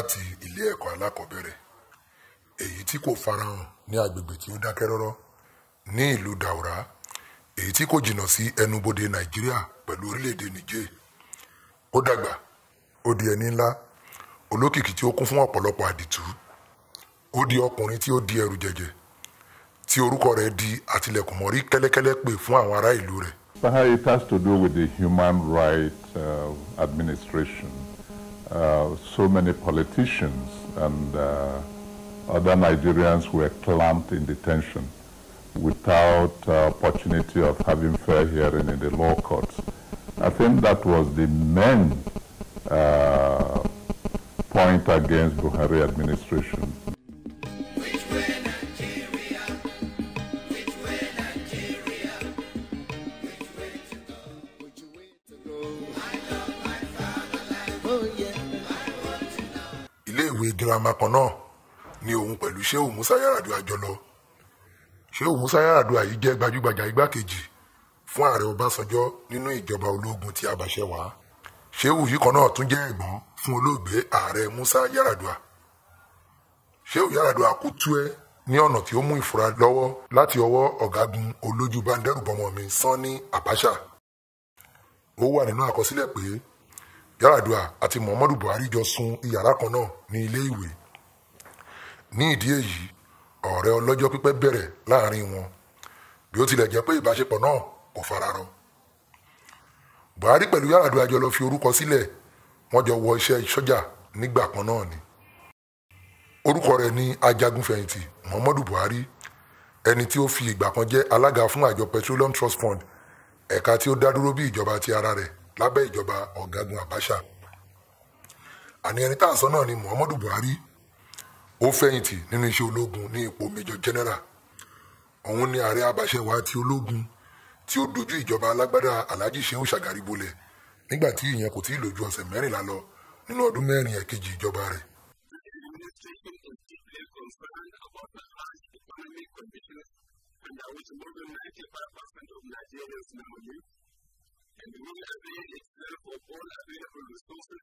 láti ilé ẹ̀kọ́ alákọ̀ọ́bẹ̀rẹ̀ èyí tí kò farahàn ní agbègbè tí ó dákẹ́ rọ́rọ́ ní ìlú Daura èyí tí kò jìnnà sí ẹnubodè Nàìjíríà pẹ̀lú orílẹ̀-èdè Niger ó dàgbà ó di ẹni ńlá olókìkí tí ó kún fún ọ̀pọ̀lọpọ̀ àdìtú ó di ọkùnrin tí ó di ẹrù jẹjẹ tí orúkọ rẹ̀ di àtìlẹ̀kùnmọ́rí kẹ́lẹ́kẹ́lẹ́ pè fún àwọn ará ìlú rẹ̀. It has to do with the human rights uh, administration. Uh, so many politicians and uh, other Nigerians were clamped in detention without uh, opportunity of having fair hearing in the law courts. I think that was the main uh, point against Buhari administration. girama kan náà ni òun pẹ̀lú Shehu Musa Yar'Adua jọ lọ Shehu Musa Yar'Adua yìí jẹ́ gbajúgbajà igbákejì fún ààrẹ Ọbásanjọ́ nínú ìjọba ológun ti Abàṣẹwàá Shehu yìí kan náà tún jẹ́ ẹ̀gbọ́n fún olóògbé ààrẹ Musa Yar'Adua Shehu Yar'Adua kú tú ẹ ní ọ̀nà tí ó mú ìfura lọ́wọ́ láti ọwọ́ ọ̀gágun olójú bá ń dẹ́rùbọmọ mi Sanni Abacha ó wà nínú àkọsílẹ̀ pé Yar'Adua àti Muhammadu Buhari jọ sun iyàrá kan náà ní ilé ìwé ní ìdí èyí ọ̀rẹ́ ọlọ́jọ́ pípẹ́ bẹ̀rẹ̀ láàrin wọn bí ó tilẹ̀ jẹ́ pé ìbáṣepọ̀ náà kò fararọ Buhari pẹ̀lú Yar'Adua jọ lọ fi orúkọ sílẹ̀ wọ́n jọ wọ iṣẹ́ sọ́jà nígbà kan náà ni orúkọ rẹ̀ ni ajagunfẹ̀yìntì Muhammadu Buhari ẹni tí ó fi ìgbà kan jẹ́ alága fún àjọ Petroleum Trust Fund ẹ̀ka tí ó dá dúró bí ìjọba ti ara rẹ̀ lábẹ́ ìjọba ọ̀gágun Abacha àní ẹni tá à ń sọ náà ni Muhammadu Buhari ó fẹ̀yìntì nínú iṣẹ́ ológun ní ipò major general òun ni ààrẹ abàṣẹwà ti ológun tí ó dojú ìjọba alágbádá Alhaji Shehu Shagari bolẹ̀ nígbà tí ìyẹn kò tí ì lò ju ọ̀sẹ̀ mẹ́rìnlá lọ nínú ọdún mẹ́rin ẹ̀kejì ìjọba rẹ̀. Nigerians now and we have been itself of all available resources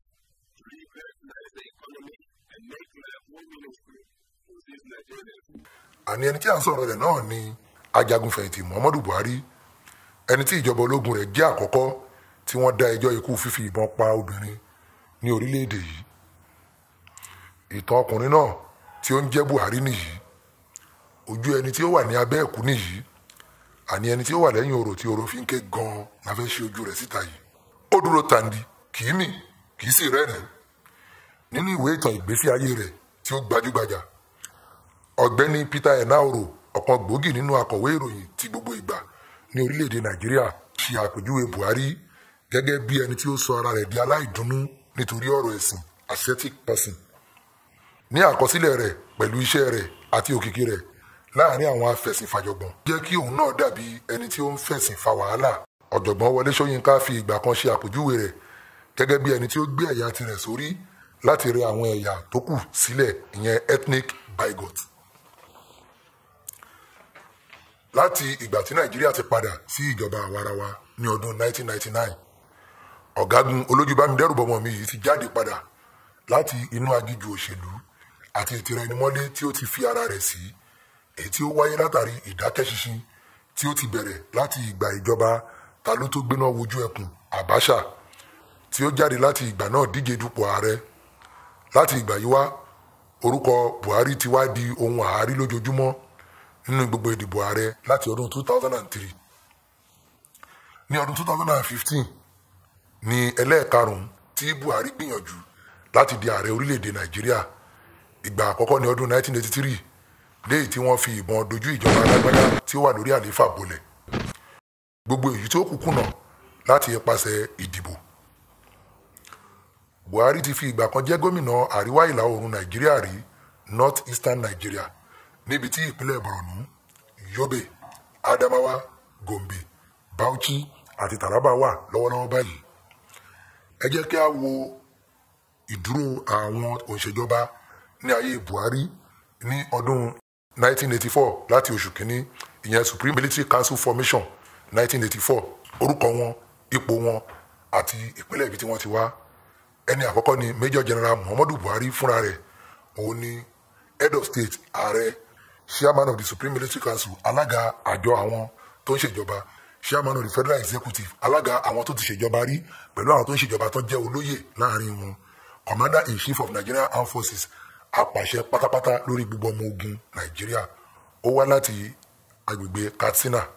to revitalize the economy and make life more meaningful for these Nigerians. àní ẹni tí à ń sọ̀rọ̀ rẹ̀ náà ni ajagunfẹ̀yìn ti Muhammadu Buhari ẹni tí ìjọba ológun rẹ̀ jẹ́ àkọ́kọ́ tí wọ́n dá ẹjọ́ ikú fífi ìbọn pa obìnrin ní orílẹ̀-èdè yìí ìtàn ọkùnrin náà tí ó ń jẹ́ Buhari nìyí ojú ẹni tí ó wà ní abẹ́ ẹ̀kú nìyí àní ẹni tí ó wà lẹ́yìn orò tí orò fi ń ké gan-an la fẹ́ ṣe ojú rẹ̀ síta yìí ó dúró tàǹdì kì í mì kì í sì rẹ́rìn nínú ìwé ìtàn ìgbésí ayé rẹ̀ tí ó gbajúgbajà ọ̀gbẹ́ni Peter Enahoro ọ̀kan gbòógì nínú akọ̀wé ìròyìn ti gbogbo ìgbà ní orílẹ̀-èdè Nàìjíríà ṣe àpèjúwe Buhari gẹ́gẹ́ bí ẹni tí ó sọ ara rẹ̀ di aláìdùnnú nítorí ọ̀rọ̀ ẹ̀sìn ascetic person ní àkọsílẹ̀ rẹ̀ pẹ̀lú iṣẹ́ rẹ̀ àti òkìkí rẹ̀ láàrin àwọn afẹ̀sìnfàjọ̀gbọ̀n jẹ́ kí òun náà dàbí ẹni tí ó ń fẹ̀sìn fa wàhálà ọ̀jọ̀gbọ́n Wọlé Ṣóyínká fi ìgbà kan ṣe àpèjúwe rẹ̀ gẹ́gẹ́ bí ẹni tí ó gbé ẹ̀yà tirẹ̀ sórí láti rẹ àwọn ẹ̀yà tó kù sílẹ̀ ìyẹn ethnic bigot láti ìgbà tí Nàìjíríà ti padà sí ìjọba àwarawa ní ọdún 1999 ọ̀gágun Olójúbámidẹ́rùbọmọ mi yìí ti jáde padà láti inú agíjú òṣèlú àti ìtìrẹnimọ́lé tí ó ti fi ara rẹ̀ sí si èyí tí ó wáyé látàrí ìdákẹ́ṣinṣin tí ó ti bẹ̀rẹ̀ láti ìgbà ìjọba ta ló tó gbéná wojú ẹkùn Abacha tí ó jáde láti ìgbà náà díje dupò ààrẹ láti ìgbà yìí wá orúkọ Buhari ti wá di ohun àárí lójoojúmọ́ nínú gbogbo ìdìbò ààrẹ láti ọdún 2003 ní ọdún 2015 ní ẹlẹ́ẹ̀karùn-ún tí Buhari gbìyànjú láti di ààrẹ orílẹ̀-èdè Nàìjíríà ìgbà àkọ́kọ́ ní ọdún 1983 léyìí tí wọ́n fi ìbọn dojú ìjọba alágbádá tí ó wà lórí àlééfà bolẹ̀ gbogbo èyí tó kù kùnà láti ipasẹ̀ ìdìbò Buhari ti fi ìgbà kan jẹ́ gómìnà àríwá ìlà oòrùn Nàìjíríà rí North Eastern Nigeria níbi tí ìpínlẹ̀ Borno Yobe Adamawa Gombe Bauchi àti Taraba wà lọ́wọ́lọ́wọ́ báyìí ẹ jẹ́ kí a wo ìdúró àwọn òṣèjọba ní ayé Buhari ní ọdún 1984 láti oṣù kínní ìyẹn Supreme Military Council Formation 1984 orúkọ wọn ipò wọn àti ìpínlẹ̀ ibi tí wọ́n ti wá ẹni àkọ́kọ́ ni Major General Muhammadu Buhari fúnra rẹ̀ òun ni head of state ààrẹ chairman of the Supreme Military Council alága àjọ àwọn tó ń ṣèjọba chairman of the federal executive alága àwọn tó ti ṣèjọba rí pẹ̀lú àwọn tó ń ṣèjọba tó jẹ́ olóyè láàrin wọn commander in chief of Nigerian Armed Forces apàṣẹ pátápátá lórí gbogbo ọmọ ogun nàìjíríà ó wá láti agbègbè katsina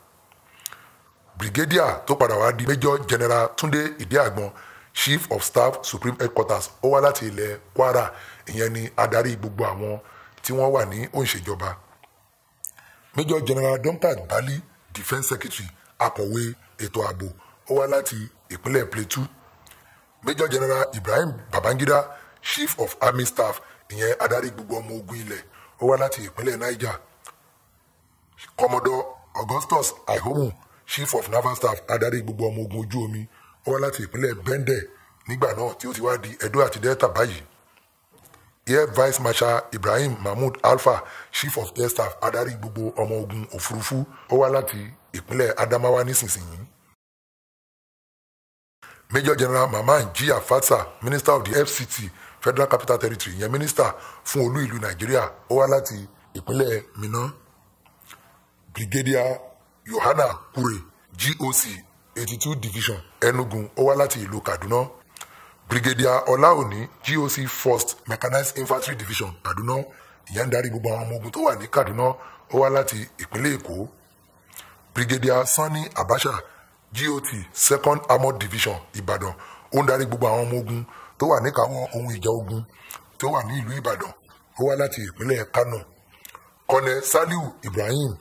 brigadier tó padà wá di major general tunde ìdíàgbọn chief of staff supreme headquarters ó wá láti ilẹ̀ kwara ìyẹn ni adarí gbogbo àwọn tí wọ́n wà ní òǹṣèjọba major general Duncan bali defence secretary akọ̀wé ètò ààbò ó wá láti ìpínlẹ̀ plateau major general ibrahim babangida chief of army staff ìyẹn adarí gbogbo ọmọ ogun ilẹ̀ ó wá láti ìpínlẹ̀ Niger Commodore Augustus Ihomu Chief of Naval Staff adarí gbogbo ọmọ ogun ojú omi ó wá láti ìpínlẹ̀ Bendel nígbà náà tí ó ti wá di Edo àti Delta báyìí air vice marshal Ibrahim Mahmood Alfa Chief of Air Staff adarí gbogbo ọmọ ogun òfurufú ó wá láti ìpínlẹ̀ Adamawa nísinsìnyí. Major General Maman G. Afatsa Minister of the FCT federal capital territory ìyẹn minister fún olú ìlú nàìjíríà ó wá láti ìpínlẹ̀ minna brigadier yohana kure goc eighty two division enugu ó wá láti ìlú kaduna brigadier ọláòní goc first mechanized infantry division kaduna ìyẹn ń darí gbogbo àwọn ọmọ ogun tó wà ní kaduna ó wá láti ìpínlẹ̀ èkó brigadier sani abacha got second armoured division ìbàdàn ó ń darí gbogbo àwọn ọmọ ogun tó wà níkàáwọn ohun ìjà ogun tó wà ní ìlú Ìbàdàn ó wá láti ìpínlẹ̀ Kánò kọ́nẹ̀ Saliu Ibrahim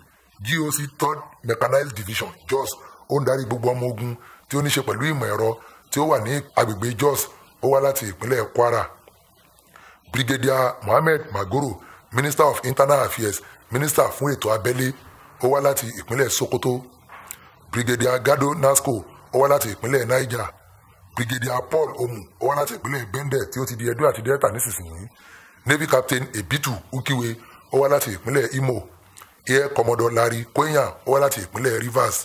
GOC third mechanized division Jos ó ń darí gbogbo ọmọ ogun tí ó ní ṣe pẹ̀lú ìmọ̀ ẹ̀rọ tí ó wà ní agbègbè Jos ó wá láti ìpínlẹ̀ Kwara Brigadier Mohammed Magoro Minister of Internal Affairs Minister fún ètò abẹ́lé ó wá láti ìpínlẹ̀ Sokoto Brigadier Gado Nasco ó wá láti ìpínlẹ̀ Niger brigadier paul omu ọwọ́ láti ìpínlẹ̀ bẹ́ńdẹ̀ tí ó ti di ẹdó àti delta nísinsìnyí navy captain ebitu ukiwe ọwọ́ láti ìpínlẹ̀ imo air commodore larry kwenya ọwọ́ láti ìpínlẹ̀ rivers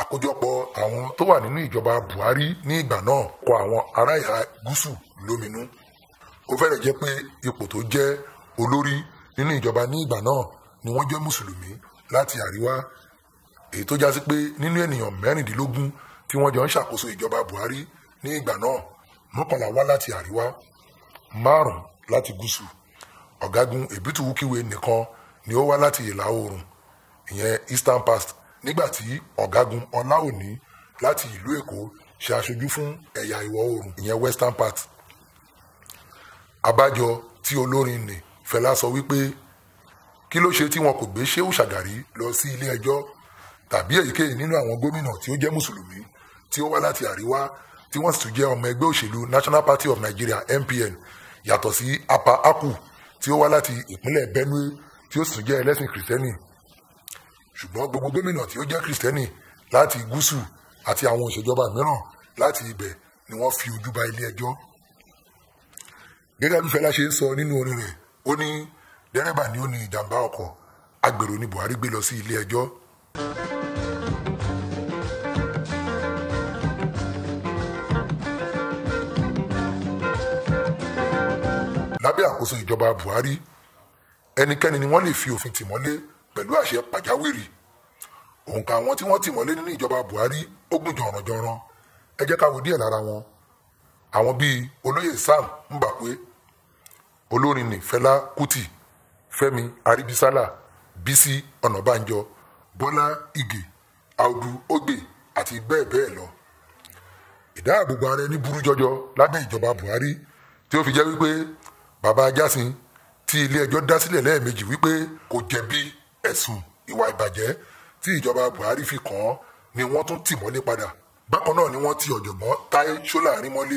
àkójọpọ̀ àwọn tó wà nínú ìjọba buhari ní ìgbà náà kọ àwọn ará ìhà gúúsù lóminú ó fẹ́rẹ̀ jẹ́ pé ipò tó jẹ́ olórí nínú ìjọba ní ìgbà náà ni wọ́n jẹ́ mùsùlùmí láti àríwá èyí tó jásí pé nínú ènìyàn mẹ́rìndínlógún tí wọ́n jọ ń ṣàkóso ìjọba Buhari ní ìgbà náà mọ́kànlá wá láti àríwá márùn láti gúúsù ọ̀gágun èbítù wúkíwe nìkan ni ó wá láti ìlà oòrùn ìyẹn eastern past nígbà tí ọ̀gágun ọláòní láti ìlú èkó ṣe aṣojú fún ẹ̀yà ìwọ̀ oòrùn ìyẹn western part abájọ tí olórin nì fẹlá sọ wípé kí ló ṣe tí wọn kò gbé Shehu Shagari lọ sí ilé ẹjọ́ tàbí èyíkéyìí nínú àwọn gómìnà tí ó jẹ́ mùsùlùmí tí ó wá láti àríwá tí wọ́n sì tún jẹ́ ọmọ ẹgbẹ́ òṣèlú National Party of Nigeria NPN yàtọ̀ sí Apa Aku tí ó wá láti ìpínlẹ̀ Benue tí ó sì tún jẹ́ ẹlẹ́sìn kìrìsìtẹ́nì ṣùgbọ́n gbogbo gómìnà tí ó jẹ́ kìrìsìtẹ́nì láti gúúsù àti àwọn òṣèjọba mìíràn láti ibẹ̀ ni wọ́n fi ojú ba ilé ẹjọ́ gẹ́gẹ́ bí Fẹlá ṣe ń sọ nínú orin rẹ̀ ó ní dẹ́rẹ́bà ni ó ní ìjàmbá ọkọ̀ agbèrò ni Buhari gbé lọ sí ilé ẹjọ́. àkóso ìjọba Buhari ẹnikẹ́ni ni wọ́n lè fi òfin tìmọ́lé pẹ̀lú àṣẹ pàjáwìrì òǹkà àwọn tí wọ́n tìmọ́lé nínú ìjọba Buhari ó gùn jọ̀rọ̀jọ̀rọ̀ ẹ jẹ́ ká wo díẹ̀ lára wọn àwọn bíi olóyè Sam Mbakwe olórin ní Fẹlá Kútì Fẹ́mi Arìbísálà Bísí Ọ̀nàbànjọ Bọ́lá Ìgè Audu Ogbe àti bẹ́ẹ̀ bẹ́ẹ̀ lọ ìdáàbòbò ara ẹni burú jọjọ lábẹ́ ìjọba Buhari tí ó fi jẹ́ wípé bàbá ajásin tí ilé ẹjọ́ dá sílẹ̀ lẹ́ẹ̀mejì wípé kò jẹ̀bi ẹ̀sùn ìwà ìbàjẹ́ tí ìjọba buhari fi kàn án ni wọ́n tún tì mọ́lé padà bákan náà ni wọ́n ti ọ̀jọ̀gbọ́n táyé ṣọ́láàrin mọ́lé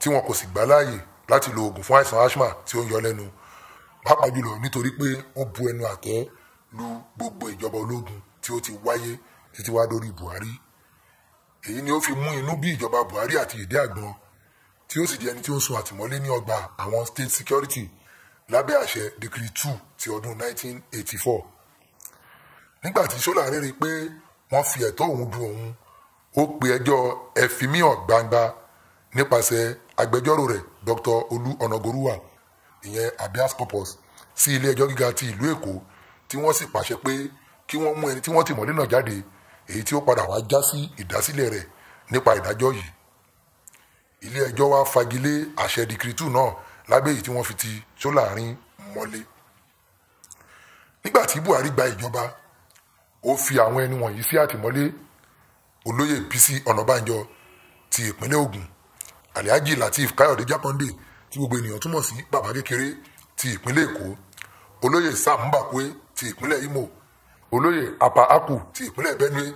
tí wọn kò sì gbà láàyè láti lo oògùn fún àìsàn asthma tí ó ń yọ lẹ́nu pàápàá jùlọ nítorí pé ó bu ẹnu àtẹ́ lu gbogbo ìjọba ológun tí ó ti wáyé títí wá dórí buhari èyí ni ó fi mú inú bí ìjọba buhari àti ìdí àgbọn tí ó sì di ẹni tí ó sùn àtìmọ́lé ní ọgbà àwọn state security lábẹ́ àṣẹ decree two ti ọdún 1984 nígbà tí ṣọ́lá rẹ̀ rí i pé wọ́n fi ẹ̀tọ́ òun du òun ó pe ẹjọ́ ẹ̀fímíhàn gbangba nípasẹ̀ agbẹjọ́rò rẹ̀ Dr. Olú Ọ̀nàgorúwà ìyẹn abias corpus sí ilé ẹjọ́ gíga ti ìlú Èkó tí wọ́n sì pàṣẹ pé kí wọ́n mú ẹni tí wọ́n ti mọ̀lé náà jáde èyí tí ó padà wá já sí ìdásílẹ̀ rẹ̀ nípa ìdájọ́ yìí ilé ẹjọ́ wá fagilé àṣẹ dìkìrìtù náà lábẹ́ èyí tí wọ́n fi ti Ṣọ́lárin mọ́lé nígbà tí Buhari gba ìjọba ó fi àwọn ẹni wọ̀nyí sí àtìmọ́lé olóyè Bísí Ọ̀nàbànjọ ti ìpínlẹ̀ Ògùn Alhaji Lateef Káyọ̀dé Jákàndé tí gbogbo ènìyàn túmọ̀ sí bàbá kékeré ti ìpínlẹ̀ Èkó olóyè Sam Mbakwe ti ìpínlẹ̀ Imo olóyè Apa Aku ti ìpínlẹ̀ Benue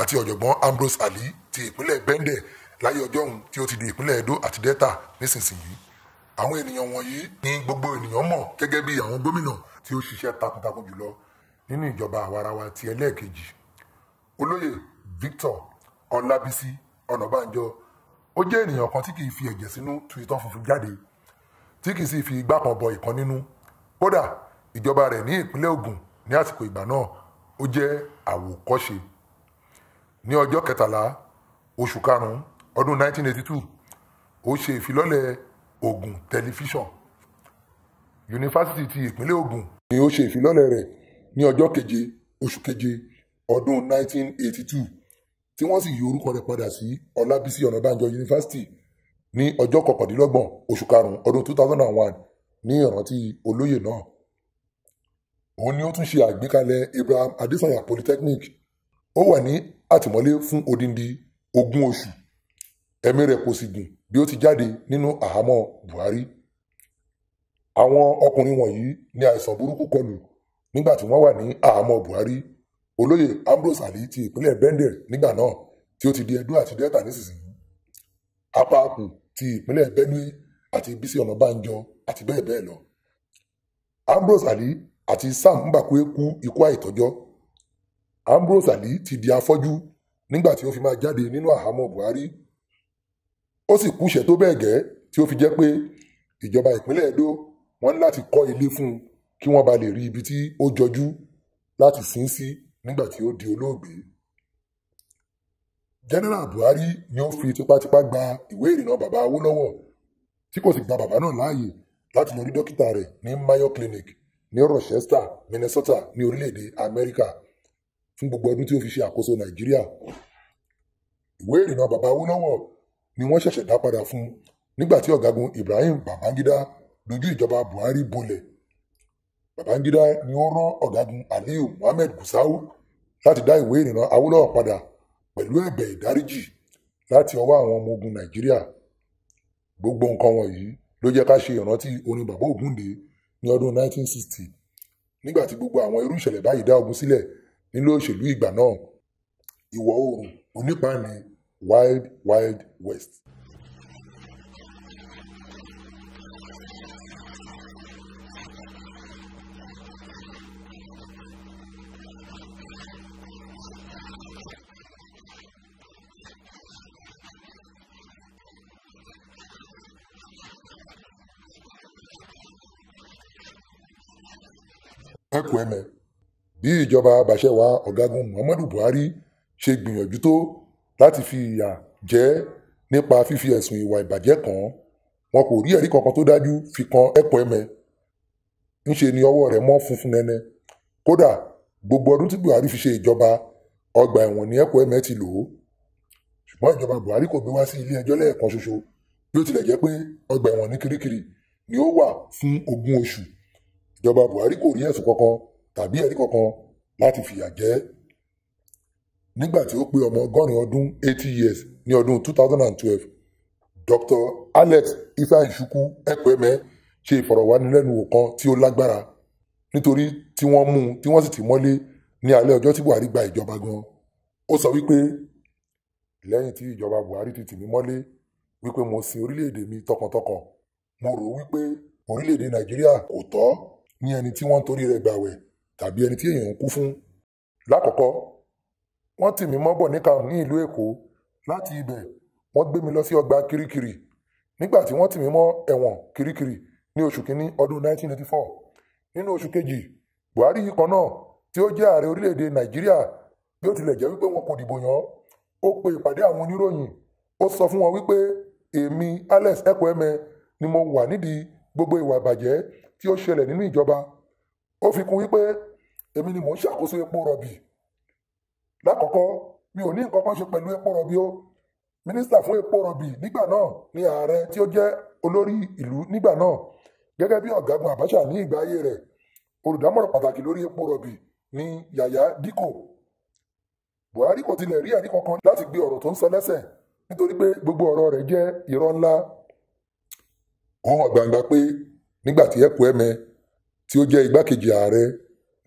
àti ọ̀jọ̀gbọ́n Ambrose Ali ti ìpínlẹ̀ bende láyé ọjọ́ òun tí ó ti di ìpínlẹ̀ Edo àti Delta nísinsìnyí àwọn ènìyàn wọ̀nyí ni gbogbo ènìyàn mọ̀ gẹ́gẹ́ bí àwọn gómìnà tí ó ṣiṣẹ́ takuntakun jùlọ nínú ìjọba àwarawa ti ẹlẹ́ẹ̀kejì olóyè Victor Ọlábísí Ọ̀nàbànjọ ó jẹ́ ènìyàn kan tí kì í fi ẹ̀jẹ̀ sínú tu ìtọ́ funfun jáde tí kì í sì fi igbá kan bọ ìkan nínú kódà ìjọba rẹ̀ ní ìpínlẹ̀ Ògùn ní àsìkò ìgbà náà ó jẹ́ àwòkọ́ṣe ní ọjọ́ kẹtàlá oṣù karùn-ún ọdún 1982 ó ṣe ìfilọ́lẹ̀ ogun tẹlifíṣàn yunifásitì ti ìpínlẹ̀ Ògùn ni ó ṣe ìfilọ́lẹ̀ rẹ̀ ní ọjọ́ keje oṣù keje ọdún 1982 tí wọ́n sì yí orúkọ rẹ̀ padà sí Ọlábísí Ọ̀nàbànjọ yunifásitì ní ọjọ́ kọkàndínlọ́gbọ̀n oṣù karùn-ún ọdún 2001 ní ìrántí olóyè náà òun ni ó tún ṣe àgbékalẹ̀ Ibrahim Adesanya Polytechnic ó wà ní àtìmọ́lé fún odindi ogún oṣù ẹ̀mí rẹ̀ kò sì gùn bí ó ti jáde nínú àhámọ́ Buhari àwọn ọkùnrin wọ̀nyí ni àìsàn burúkú kọlù nígbà tí wọ́n wà ní àhámọ́ Buhari olóyè Ambrose Ali ti ìpínlẹ̀ Bendel nígbà náà tí ó ti di Edo àti Delta nísinsìnyí apáàkù ti ìpínlẹ̀ Benue àti Bísí Ọ̀nàbánjọ àti bẹ́ẹ̀ bẹ́ẹ̀ lọ Ambrose Ali àti Sam Mbakwe kú ikú àìtọ́jọ́ Ambrose Ali ti di afọ́jú nígbà tí ó fi máa jáde nínú àhámọ́ Buhari ó sì kúṣẹ̀ tó bẹ́ẹ̀ gẹ́ tí ó fi jẹ́ pé ìjọba ìpínlẹ̀ Ẹdó wọ́n ní láti kọ́ ilé fún un kí wọ́n ba lè rí ibi tí ó jọjú láti sin sí nígbà tí ó di olóògbé General Buhari ni ó fi tipátipá gba ìwé ìrìnnà bàbá Awólọ́wọ̀ tí kò sì gba bàbá náà láàyè láti lọ rí dókítà rẹ̀ ní Mayo Clinic ní Rochester Minnesota ní orílẹ̀-èdè Amẹ́ríkà fún gbogbo ọdún tí ó fi ṣe àkóso Nàìjíríà ìwé ìrìnnà bàbá Awólọ́wọ̀ ni wọ́n ṣẹ̀ṣẹ̀ dá padà fún un nígbà tí ọ̀gágun Ibrahim Babangida dojú ìjọba Buhari bolẹ̀ Babangida ni ó rán ọ̀gágun Aliyu Muhammed Gusau láti dá ìwé ìrìnnà Awólọ́wọ̀ padà pẹ̀lú ẹ̀bẹ̀ ìdáríjì láti ọwọ́ àwọn ọmọ ogun Nàìjíríà gbogbo nǹkan wọ̀nyí ló jẹ́ ká ṣe ìrántí orin bàbá Ògúndé ní ọdún 1960 nígbà tí gbogbo àwọn irú ìṣẹ̀lẹ̀ báyìí dá ogun sílẹ̀ nílé òṣèlú ìgbà náà ìwọ̀ oòrùn onípàá wild wild west. ẹkùn ẹmẹ bí ìjọba abàṣẹwàá ọgágun muhammadu buhari ṣe gbìyànjú tó láti fi ìyà jẹ nípa fífi ẹ̀sùn ìwà ìbàjẹ́ kàn án wọn kò rí ẹ̀rí kankan tó dájú fi kan Ẹ̀kọ́ẹ̀mẹ ńṣe ni ọwọ́ rẹ̀ mọ́ funfun nẹ́nẹ́ kódà gbogbo ọdún tí Buhari fi ṣe ìjọba ọgbà ẹ̀wọ̀n ní Ẹ̀kọ́ẹ̀mẹ ti lò ó ṣùgbọ́n ìjọba Buhari kò gbé wá sí ilé ẹjọ́ lẹ́ẹ̀kan ṣoṣo bí ó tilẹ̀ jẹ́ pé ọgbà ẹ̀wọ̀n ní Kirikiri ni ó wà fún ogún oṣù ìjọba Buhari kò rí ẹ̀sùn kankan tàbí ẹ̀rí kankan láti fìyà jẹ nígbà tí ó pé ọmọ ọgọ́rin ọdún eighty years ní ọdún two thousand and twelve Dr. Alex Ifeanyichukwu Ekweme ṣe ìfọ̀rọ̀wánilẹ́nuwò kan tí ó lágbára nítorí tí wọ́n mú un tí wọ́n sì ti mọ́lé ní alẹ́ ọjọ́ tí Buhari gba ìjọba gan ó sọ wípé lẹ́yìn tí ìjọba Buhari ti tì mí mọ́lé wípé mo sin orílẹ̀-èdè mi tọkàntọkàn mo rò wípé orílẹ̀-èdè Nàìjíríà kò tọ́ ní ẹni tí wọ́n ń torí rẹ̀ gbàwẹ̀ tàbí ẹni tí èèyàn ń kú fún lákọ̀ọ́kọ́ wọ́n tì mí mọ́bọ̀ níkàun ní ìlú èkó láti ibẹ̀ wọ́n gbé mi lọ sí ọgbà kirikiri nígbà tí wọ́n tì mí mọ́ ẹ̀wọ̀n kirikiri ní oṣù kínní ọdún 1984 nínú oṣù kejì buhari yìí kan náà tí ó jẹ́ ààrẹ orílẹ̀-èdè nàìjíríà bí ó tilẹ̀ jẹ́ wípé wọn kò dìbò yàn ó pe ìpàdé àwọn oníròyìn ó sọ fún wọn wípé èmi alex ekweme ni mo wà nídìí gbogbo ìwà ìbàjẹ́ tí ó ṣẹlẹ̀ nínú ìjọba ó fi kún wípé èmi ni mò ń ṣàkóso epo rọ̀bì lákọ̀ọ́kọ́ mi ò ní nǹkan kan ṣe pẹ̀lú epo rọ̀bì o mínísítà fún epo rọ̀bì nígbà náà ni ààrẹ tí ó jẹ́ olórí ìlú nígbà náà gẹ́gẹ́ bí ọ̀gágun Abacha ní ìgbà ayé rẹ̀ olùdámọ̀ràn pàtàkì lórí epo rọ̀bì ni Yàyà Díkò Buhari kò tilẹ̀ rí ẹ̀rí kankan láti gbé ọ̀rọ̀ tó ń sọ lẹ́sẹ̀ nítorí pé gbogbo ọ̀rọ̀ rẹ̀ jẹ́ irọ́ ńlá ó hàn gbangba pé nígbà tí Ekwueme tí ó jẹ́ igbákejì ààrẹ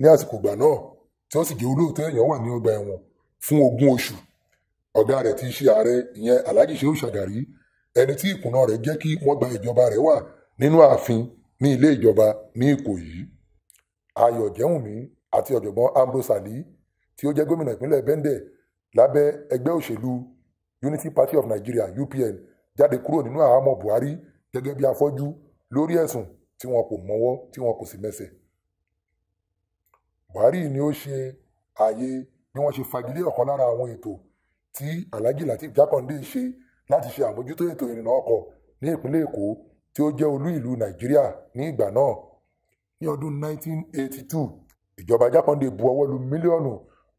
ní àsìkò ìgbà náà tí ó sì jẹ́ olóòótọ́ èèyàn wà ní ọgbà ẹ̀wọ̀n fún ogún oṣù ọ̀gá rẹ̀ ti ṣe ààrẹ ìyẹn Alhaji Shehu Shagari ẹni tí ìkùnà rẹ̀ jẹ́ kí wọ́n gba ìjọba rẹ̀ wà nínú ààfin ní ilé ìjọba ní Ìkòyí Ayọ̀ Jẹ́wùmí àti ọ̀jọ̀gbọ́n Ambrose Ali tí ó jẹ́ gómìnà ìpínlẹ̀ Bẹ́ndẹ̀ lábẹ́ ẹgbẹ́ òṣèlú Unity Party of Nigeria UPN jáde kúrò nínú àhámọ́ Buhari gẹ́gẹ́ bí afọ́jú lórí ẹ̀sùn tí wọn kò mọ́wọ́ tí wọn kò sì mẹsẹ̀ Buhari ni ó ṣe ààyè bí wọ́n ṣe fagilé ọ̀kan lára àwọn ètò tí Alhaji Lateef Jákàndé ṣe láti ṣe àmójútó ètò ìrìnnà ọkọ̀ ní ìpínlẹ̀ Èkó tí ó jẹ́ olú ìlú Nàìjíríà ní ìgbà náà ní ọdún 1982 ìjọba Jákàndé bu ọwọ́ lu mílíọ̀nù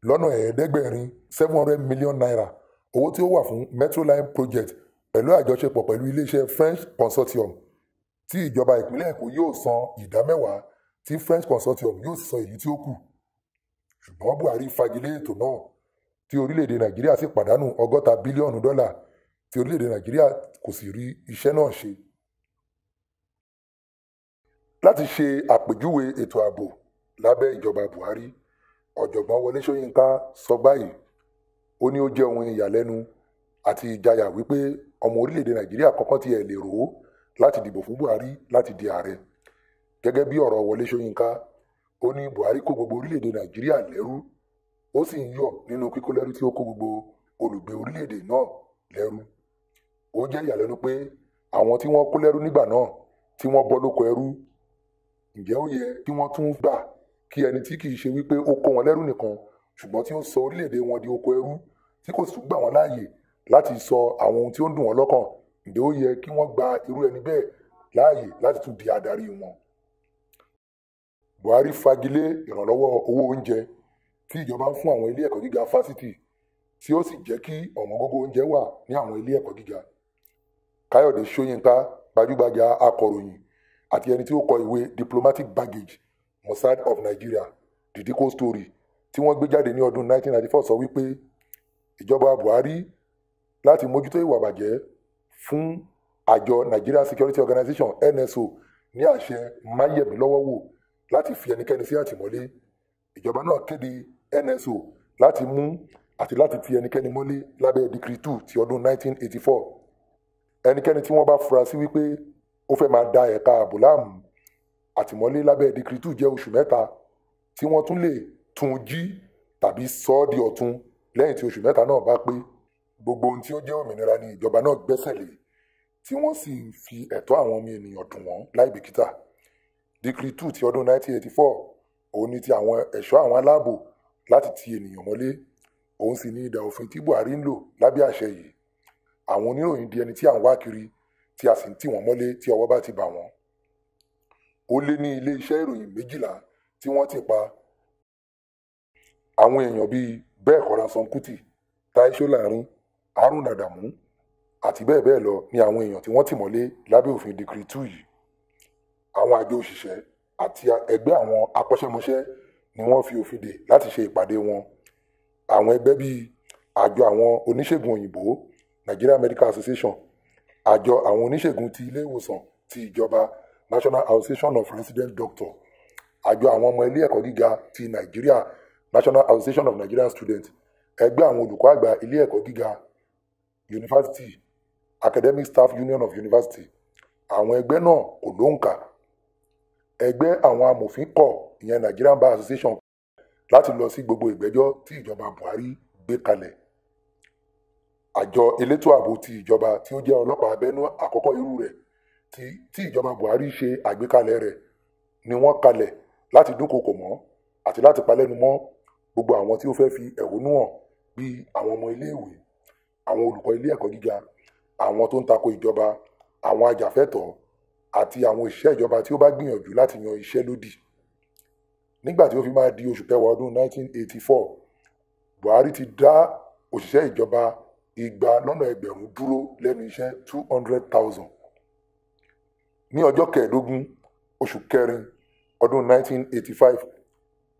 lọ́nà ẹ̀ẹ́dẹ́gbẹ̀rin seven hundred million naira owó tí ó wà fún Metroline project pẹ̀lú àjọṣepọ̀ pẹ̀lú iléeṣẹ́ French consortium tí ìjọba ìpínlẹ̀ Èkó yóò san ìdá mẹ́wàá tí French consortium yóò san èyí tí ó kù ṣùgbọ́n Buhari fagilé ètò náà tí orílẹ̀-èdè Nàìjíríà sì pàdánù ọgọ́ta bílíọ̀nù dọ́là tí orílẹ̀-èdè Nàìjíríà kò sì rí iṣẹ́ náà ṣe. láti ṣe àpèjúwe ètò ààbò lábẹ́ ìjọba Buhari ọ̀jọ̀gbọ́n Wọlé Ṣóyínká sọ báyìí ó ní ó jẹ́ ohun ìyàlẹ́nu àti ìjayà wípé ọmọ orílẹ̀-èdè Nàìjíríà kankan ti ẹ̀ lè rò ó láti dìbò fún Buhari láti di ààrẹ gẹ́gẹ́ bí ọ̀rọ̀ Wọlé Ṣóyínká ó ní Buhari kó gbogbo orílẹ̀-èdè Nàìjíríà lẹ́rú ó sì ń yọ̀ nínú kíkó lẹ́rú tí ó kó gbogbo olùgbé orílẹ̀-èdè náà lẹ́rú ó jẹ́ ìyàlẹ́nu pé àwọn tí wọ́n kó lẹ́rú nígbà náà tí wọ́n bọ́ lóko ẹrú ǹjẹ́ ó yẹ kí wọ́n tún gbà kí ẹni tí kìí ṣe wípé ó kó wọn lẹ́rú nìkan ṣùgbọ́n tí ó sọ orílẹ̀-èdè wọn di oko ẹrú tí kò sì gbà wọ́n láàyè láti sọ àwọn ohun tí ó ń dùn wọ́n lọ́kàn ǹjẹ́ ó yẹ kí wọ́n gba irú ẹni bẹ́ẹ̀ láàyè láti tún di adarí wọn buhari fagilé ìrànlọ́wọ́ owó oúnjẹ tí ìjọba ń fún àwọn ilé ẹ̀kọ́ gíga fásitì tí ó sì jẹ́ kí ọ̀wọ́ngógó oúnjẹ wà ní àwọn ilé ẹ̀kọ́ gíga káyọ̀dé ṣóyínká gbajúgbajà akọ̀ròyìn àti ẹni tí ó kọ ìwé diplomatic baggage mossad of nigeria didiko story tí wọ́n gbé jáde ní ọdún 1994 sọ wípé ìjọba buhari láti mójútó ìwà bàjẹ́ fún àjọ nigeria security organization nso ní àṣẹ máyẹ̀mí lọ́wọ́ wò láti fi ẹnikẹ́ni sí àtìmọ́lé ìjọba náà kéde NSO láti mú àti láti ti ẹnikẹ́ni mọ́lé lábẹ́ decree two ti ọdún 1984 ẹnikẹ́ni tí wọ́n bá fura sí wípé ó fẹ́ máa da ẹ̀ka ààbò láàmú àtìmọ́lé lábẹ́ decree two jẹ́ oṣù mẹ́ta tí wọ́n tún lè tún jí tàbí sọ ọ́ di ọ̀tun lẹ́yìn tí oṣù mẹ́ta náà bá pé gbogbo ohun tí ó jẹ́ òmìnira ni ìjọba náà gbẹ́sẹ̀ lé tí wọ́n sì fi ẹ̀tọ́ àwọn ọmọ ènìyàn dùn wọ́n láì bìkítà decree two ti ọdún 1984 òun ni ti àwọn ẹ̀ṣọ́ àwọn aláàbò láti ti ènìyàn mọ́lé òun sì ni ìdà òfin tí Buhari ń lò lábẹ́ àṣẹ yìí àwọn oníròyìn di ẹni tí à ń wá kiri tí a sì ń tì wọ́n mọ́lé tí ọwọ́ bá ti bà wọ́n ó lé ní ilé iṣẹ́ ìròyìn méjìlá tí wọ́n ti pa àwọn èèyàn bíi bẹ́ẹ̀ kọ́ra sankuti taisho láàrin haruna adamu àti bẹ́ẹ̀ bẹ́ẹ̀ lọ ni àwọn èèyàn tí wọ́n tì mọ́lé lábẹ́ òfin decree two yìí àwọn àjọ òṣìṣẹ́ àti ẹgbẹ́ àwọn akọ́ṣẹ́mọṣẹ́ ni wọ́n fi òfin dè láti ṣe ìpàdé wọn àwọn ẹgbẹ́ bíi àjọ àwọn oníṣègùn òyìnbó Nigeria Medical Association àjọ àwọn oníṣègùn ti ilé ìwòsàn ti ìjọba National Association of Resident Doctors àjọ àwọn ọmọ ilé ẹ̀kọ́ gíga ti Nigeria National Association of Nigerian Students ẹgbẹ́ àwọn olùkọ́ àgbà ilé ẹ̀kọ́ gíga University Academic Staff Union of University àwọn ẹgbẹ́ náà kò lóǹkà ẹgbẹ́ àwọn amòfin kọ̀ ìyẹn Nigerian Bar Association láti lọ sí gbogbo ìgbẹ́jọ́ tí ìjọba Buhari gbé kalẹ̀ àjọ elétò ààbò ti ìjọba tí ó jẹ́ ọlọ́pàá abẹ́nú àkọ́kọ́ irú rẹ̀ tí tí ìjọba Buhari ṣe àgbékalẹ̀ rẹ̀ ni wọ́n kalẹ̀ láti dúnkokò mọ́ àti láti palẹ́nu mọ́ gbogbo àwọn tí ó fẹ́ fi ẹ̀hónú hàn bíi àwọn ọmọ iléèwé àwọn olùkọ́ ilé ẹ̀kọ́ gíga àwọn tó ń tako ìjọba àwọn ajàfẹ́tọ̀ọ́ àti àwọn iṣẹ́ ìjọba tí ó bá gbìyànjú láti yan iṣẹ́ lódì nígbà tí ó fi máa di oṣù kẹwàá ọdún 1984 Buhari ti dá òṣìṣẹ́ ìjọba igba lọ́nà ẹgbẹ̀rún dúró lẹ́nu iṣẹ́ 200,000 ní ọjọ́ kẹẹ̀ẹ́dógún oṣù kẹrin ọdún 1985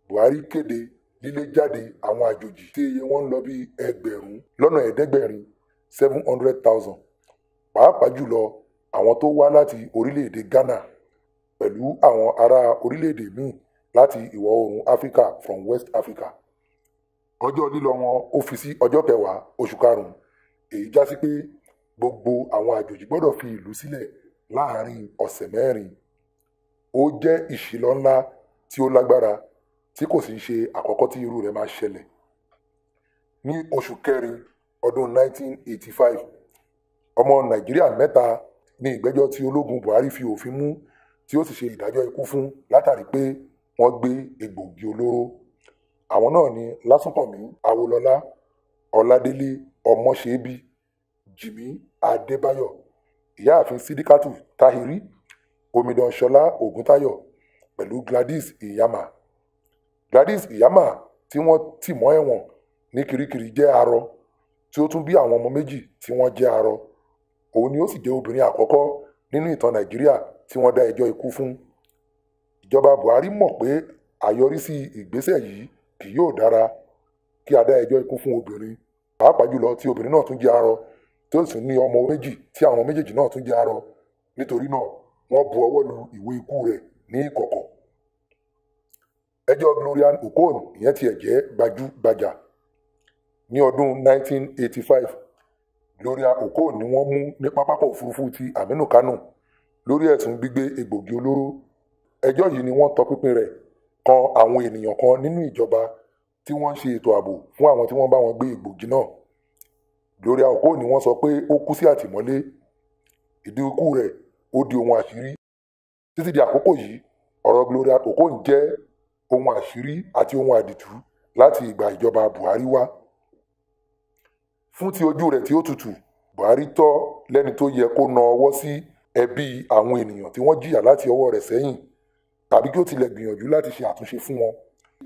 Buhari kéde lílé jáde àwọn àjòjì tí iye wọn ń lọ bí ẹgbẹ̀rún lọ́nà ẹ̀ẹ́dẹ́gbẹ̀rin 700,000 pàápàá jùlọ àwọn tó wá láti orílẹ̀-èdè Ghana pẹ̀lú àwọn ará orílẹ̀-èdè míì láti ìwọ̀ oòrùn Africa from West Africa ọjọ́ lílọ wọn ó fi sí ọjọ́ kẹwàá oṣù karùn-ún èyí já sí pé gbogbo àwọn àjòjì gbọ́dọ̀ fi ìlú sílẹ̀ láàárín ọ̀sẹ̀ mẹ́rin ó jẹ́ ìṣìlọ ńlá tí ó lágbára tí kò sì ń ṣe àkọ́kọ́ tí irú rẹ̀ máa ṣẹlẹ̀ ní oṣù kẹrin ọdún 1985 ọmọ nàìjíríà mẹ́ta ní ìgbẹ́jọ́ tí ológun Buhari fi òfin mú tí ó sì ṣe ìdájọ́ ikú fún látàrí pé wọ́n gbé egbògi olóró àwọn náà ni Lásùnkànmí Awolọ́lá Ọládélé Ọmọṣẹ́bí Jìmí Adébáyọ̀ ìyáàfin Sídíkàtù Táhìrí Omidan Ṣọlá Ògúntáyọ̀ pẹ̀lú Gladys Iyama Gladys Iyama tí wọ́n tì mọ́ ẹ̀wọ̀n ní Kirikiri jẹ́ arọ tí ó tún bí àwọn ọmọ méjì tí wọ́n jẹ́ arọ òun ni ó sì jẹ́ obìnrin àkọ́kọ́ nínú ìtàn nàìjíríà tí wọ́n dá ẹjọ́ ikú fún ìjọba buhari mọ̀ pé àyọrísí ìgbésẹ̀ yìí kì yóò dára kí a dá ẹjọ́ ikú fún obìnrin pàápàá jùlọ tí obìnrin náà tún jẹ́ arọ tí ó sì ní ọmọ méjì tí àwọn méjèèjì náà tún jẹ́ arọ nítorí náà wọ́n bu ọwọ́ lu ìwé ikú rẹ̀ ní ìkọ̀kọ̀ ẹjọ́ Gloria Okon ìyẹn tiẹ̀ jẹ́ gbajúgbajà ní ọdún 1985 lórí àkókò ni wọ́n mú ní pápákọ̀ òfurufú ti Aminu Kano lórí ẹ̀sùn gbígbé egbògi olóró ẹjọ́ yìí ni wọ́n tọpinpin rẹ̀ kan àwọn ènìyàn kan nínú ìjọba tí wọ́n ń ṣe ètò ààbò fún àwọn tí wọ́n bá wọn gbé egbògi náà lórí àkókò ni wọ́n sọ pé ó kú sí àtìmọ́lé ìdí ikú rẹ̀ ó di ohun àṣírí títí di àkókò yìí ọ̀rọ̀ Gloria Okoye jẹ́ ohun àṣírí àti ohun àdìtú láti ìgbà ìjọba Buhari wá fún ti ojú rẹ̀ tí ó tutù buhari tọ́ lẹ́ni tó yẹ kó na ọwọ́ sí ẹbí àwọn ènìyàn tí wọ́n jìyà láti ọwọ́ rẹ̀ sẹ́yìn tàbí kí ó tilẹ̀ gbìyànjú láti ṣe àtúnṣe fún wọn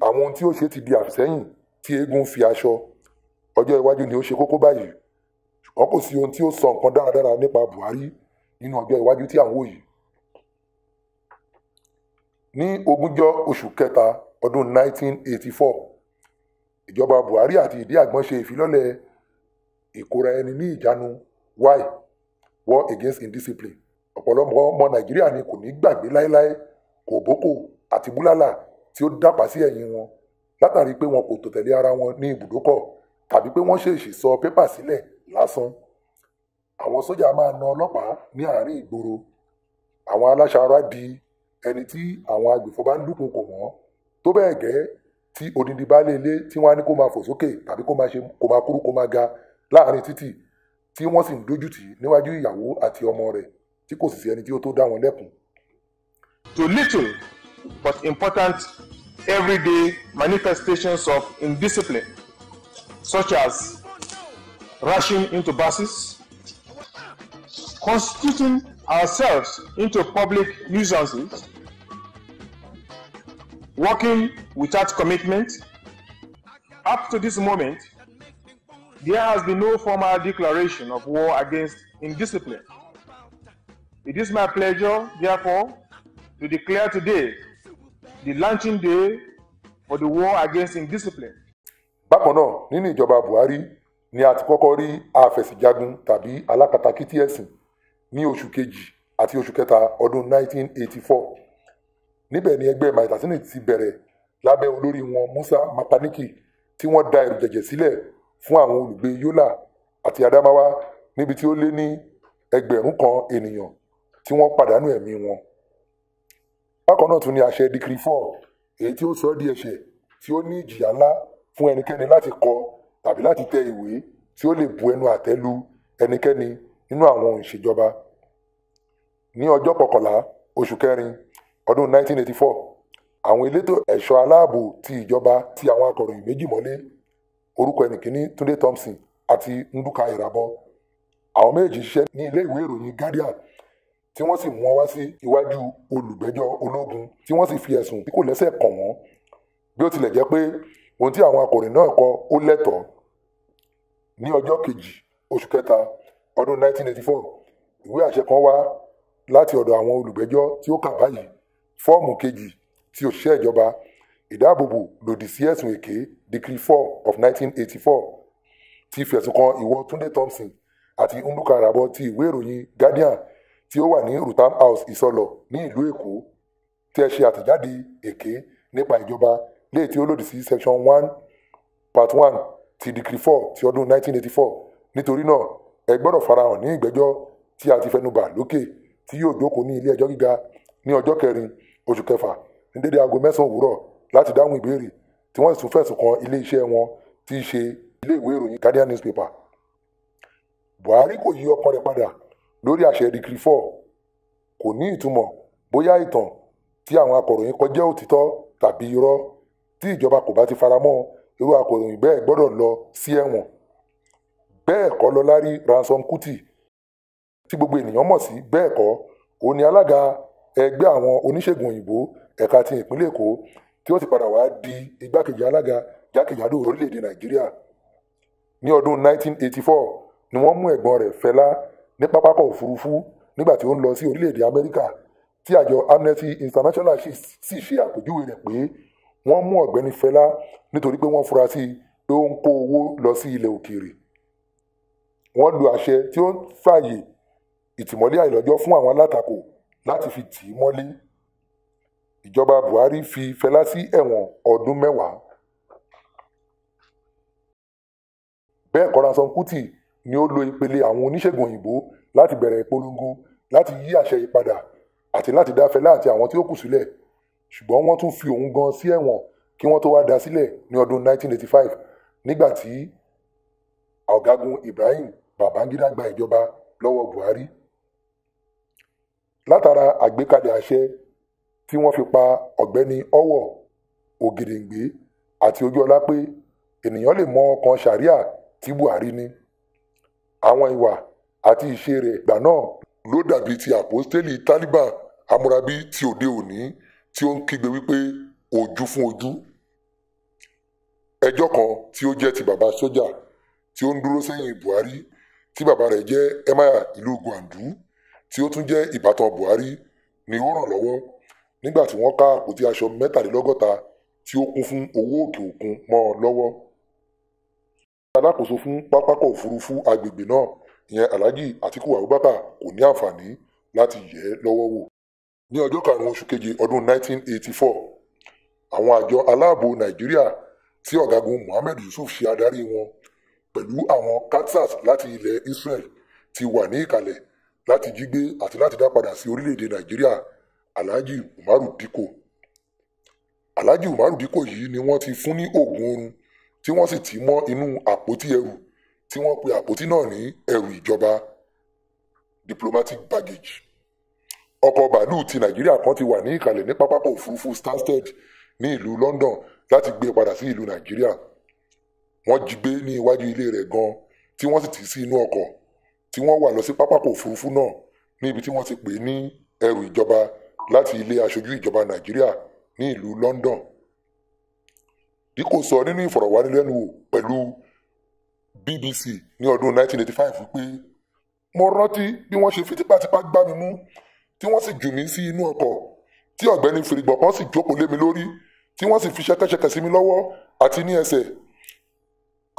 àwọn ohun tí ó ṣe ti di àfisẹ́yìn tí eégún fi aṣọ ọjọ́ iwájú ni ó ṣe kókó báyìí ṣùgbọ́n kò sí ohun tí ó sọ nǹkan dáradára nípa buhari nínú ọjọ́ iwájú tí à ń wò yìí ní ogúnjọ́ oṣù kẹta ọdún 1984 ìjọba buhari àti ìdí àgbọn ṣe ìfilọ́lẹ̀ ìkóra ẹni ní ìjánu why war against indiscipline ọ̀pọ̀lọpọ̀ ọmọ nàìjíríà ni kò ní gbàgbé láéláé kò bókò àti búlálà tí ó dàpá sí ẹ̀yìn wọn látàrí pé wọn kò tò tẹ̀lé ara wọn ní ibùdókọ̀ tàbí pé wọ́n ṣèṣì sọ pépà sílẹ̀ lásán àwọn sójà máa na ọlọ́pàá ní àárín ìgboro àwọn aláṣàárá di ẹni tí àwọn agbèfọ́ba ń dúnkun kò mọ́ tó bẹ́ẹ̀ gẹ́ tí odindi baálé ilé tí wọ́n á ní kó máa fò sókè tàbí kó máa kúrú kó máa ga láàrin títì tí wọ́n sì ń dójútì níwájú ìyàwó àti ọmọ rẹ̀ tí kò sì sí ẹni tí ó tó dá wọn lẹ́kùn. To little but important everyday manifestations of indiscipline such as rushing into buses, constituting ourselves into public nuisances, working without commitment, up to this moment There has been no formal declaration of war against indiscipline. It is my pleasure, therefore, to declare today the launching day for the war against indiscipline. bákan náà nínú ìjọba Buhari ni a ti kọ́kọ́ rí afẹ̀sìjagun tàbí alákatakítí ẹ̀sìn ní oṣù kejì àti oṣù kẹta ọdún 1984 níbẹ̀ ni ẹgbẹ́ maitasini ti bẹ̀rẹ̀ lábẹ́ olórí wọn Musa Mapaniki tí wọ́n da ẹ̀rù sílẹ̀ fún àwọn olùgbé Yola àti Adamawa níbi tí ó lé ní ẹgbẹ̀rún kan ènìyàn tí wọ́n pàdánù ẹ̀mí wọn bákan náà tún ni àṣẹ dikiri four èyí tí ó sọ di ẹ̀ṣẹ̀ tí ó ní ìjìyà ńlá fún ẹnikẹ́ni láti kọ tàbí láti tẹ ìwé tí ó lè bu ẹnu àtẹ́ lu ẹnikẹ́ni nínú àwọn ìṣèjọba ní ọjọ́ kọkànlá oṣù kẹrin ọdún 1984 àwọn elétò ẹ̀ṣọ́ aláàbò ti ìjọba ti àwọn akọ̀ròyìn méjì mọ́lé orúkọ ẹnìkíní Túndé Thompson àti Ndúka Ìràbọ àwọn méjì ṣiṣẹ́ ní ilé ìwé ìròyìn Guardian tí wọ́n sì mú wọn wá sí iwájú olùgbẹ́jọ́ ológun tí wọ́n sì fi ẹ̀sùn tí kò lẹ́sẹ̀ kàn wọ́n bí ó tilẹ̀ jẹ́ pé ohun tí àwọn akọ̀ròyìn náà kọ ó lẹ́tọ̀ọ́ ní ọjọ́ kejì oṣù kẹta ọdún 1984 ìwé àṣẹ kan wá láti ọ̀dọ̀ àwọn olùgbẹ́jọ́ tí ó kà báyìí fọ́ọ̀mù kejì tí òṣìṣẹ́ ìjọba ìdáàbòbò lòdì sí ẹ̀sùn èké decree four of nineteen eighty four ti fẹ̀sùn kan ìwọ Túndé Thompson àti Ndúkà Ràbọ ti ìwé ìròyìn Guardian tí ó wà ní Rutam House Ìsọlọ̀ ní ìlú Èkó tí ẹ ṣe àtẹ̀jáde èké nípa ìjọba léè tí ó lòdì sí section one part one ti decree four ti ọdún nineteen eighty four nítorí náà ẹ gbọ́dọ̀ farahàn ní ìgbẹ́jọ́ tí a ti fẹnubà lókè tí yóò jókòó ní ilé ẹjọ́ gíga ní ọjọ́ kẹrin oṣù kẹfà ní dédé aago mẹ́sàn-án òwúrọ̀ láti dáhùn ìbéèrè tí wọ́n sì fẹ̀sùn kan iléeṣẹ́ wọn tí í ṣe ilé ìwé ìròyìn Guardian newspaper Buhari kò yí ọkàn rẹ̀ padà lórí àṣẹ decree four kò ní ìtumọ̀ bóyá ìtàn tí àwọn akọ̀ròyìn kọ jẹ́ òtítọ́ tàbí irọ́ tí ìjọba kò bá ti faramọ́ irú akọ̀ròyìn bẹ́ẹ̀ gbọ́dọ̀ lọ sí ẹ̀wọ̀n bẹ́ẹ̀ kọ́ Lọlárì Ransom Kuti tí gbogbo ènìyàn mọ̀ sí bẹ́ẹ̀ kọ́ òun ni alága ẹgbẹ́ àwọn oníṣègùn òyìnbó ẹ̀ka ti ìpínlẹ̀ Èkó tí wọ́n sì padà wá di igbákejì alága jákèjádò orílẹ̀-èdè nàìjíríà ní ọdún 1984 ni wọ́n mú ẹ̀gbọ́n rẹ̀ fẹlá ní pápákọ̀ òfurufú nígbà tí ó ń lọ sí orílẹ̀-èdè amẹ́ríkà tí àjọ amnesty international sì ṣe àpèjúwe rẹ̀ pé wọ́n mú ọ̀gbẹ́ni fẹlá nítorí pé wọ́n fura sí i pé ó ń kó owó lọ sí ilẹ̀ òkèèrè wọ́n lu àṣẹ tí ó ń fààyè ìtìmọ́lé àìlọ́jọ́ fún àwọn alátakò láti fi tì í mọ́lé ìjọba buhari fi fẹlá sí ẹ̀wọ̀n ọdún mẹ́wàá bẹ́ẹ̀ kọ́ransan kùtì ni ó lo ìpele àwọn oníṣègùn òyìnbó láti bẹ̀rẹ̀ ìpolongo láti yí àṣẹ yìí padà àti láti dá fẹlá àti àwọn tí ó kù sílẹ̀ ṣùgbọ́n wọ́n tún fi òun gan sí ẹ̀wọ̀n kí wọ́n tó wá dá sílẹ̀ ní ọdún 1985 nígbà tí ọ̀gágun Ibrahim Babangida gba ìjọba lọ́wọ́ Buhari látara àgbékalẹ̀ àṣẹ tí wọ́n fi pa ọ̀gbẹ́ni ọwọ́ ògìrìǹgbé àti ojúọlá pé ènìyàn lè mọ ọkàn sàríà tí buhari ní àwọn ìwà àti ìṣe rẹ̀ ìgbà náà ló dàbí ti àpọ́stélì taliban amúrabí ti òde òní tí ó ń kígbe wípé ojú fún ojú ẹjọ́ kan tí ó jẹ́ ti bàbá sójà tí ó ń dúró sẹ́yìn buhari tí bàbá rẹ̀ jẹ́ emir ìlú gwandu tí ó tún jẹ́ ìbátan buhari ni ó ràn lọ́wọ́ nígbà tí wọ́n ká àpótí aṣọ mẹ́tàlélọ́gọ́ta tí ó kún fún owó òkè òkun mọ́ ọ lọ́wọ́. alákòóso fún pápákọ̀ òfurufú agbègbè náà ìyẹn alhaji atiku abubakar kò ní àǹfààní láti yẹ̀ ẹ́ lọ́wọ́ wò. ní ọjọ́ karùn-ún oṣù keje ọdún 1984 àwọn àjọ aláàbò nàìjíríà tí ọ̀gágun muhammed yusuf ṣe adarí wọn pẹ̀lú àwọn katsas láti ilẹ̀ israel ti wà ní ìkàlẹ̀ láti jí gbé àti láti dá padà sí orílẹ̀-èdè nàìjíríà alhaji umaru diko. alhaji umaru diko yìí ni wọ́n ti fún ní oògùn oorun tí wọ́n sì ti mọ́ inú àpótí ẹrù tí wọ́n pe àpótí náà ní ẹrù ìjọba diplomatic baggage ọkọ̀ bàálù ti nàìjíríà kan ti wà ní ìkàlẹ̀ ní pápákọ̀ òfurufú stansted ní ìlú London láti gbé e padà sí ìlú nàìjíríà wọ́n jí gbé ní iwájú ilé rẹ̀ gan tí wọ́n sì tì sí inú ọkọ̀ tí wọ́n wà lọ sí pápákọ̀ òfurufú náà ní ibi tí wọ́n ti pè ní ẹrù ìjọba láti ilé aṣojú ìjọba nàìjíríà ní ìlú London díkò sọ nínú ìfọ̀rọ̀wánilẹ́nuwò pẹ̀lú BBC ní ọdún 1985 wípé mo rántí bí wọ́n ṣe fi tipátipá gbá mi mú tí wọ́n sì jù mí sí inú ọkọ̀ tí ọ̀gbẹ́ni fìrìgbọ̀n kan sì jókòó lé mi lórí tí wọ́n sì fi ṣẹ́kẹ́ṣẹkẹ̀ sí mi lọ́wọ́ àti ní ẹsẹ̀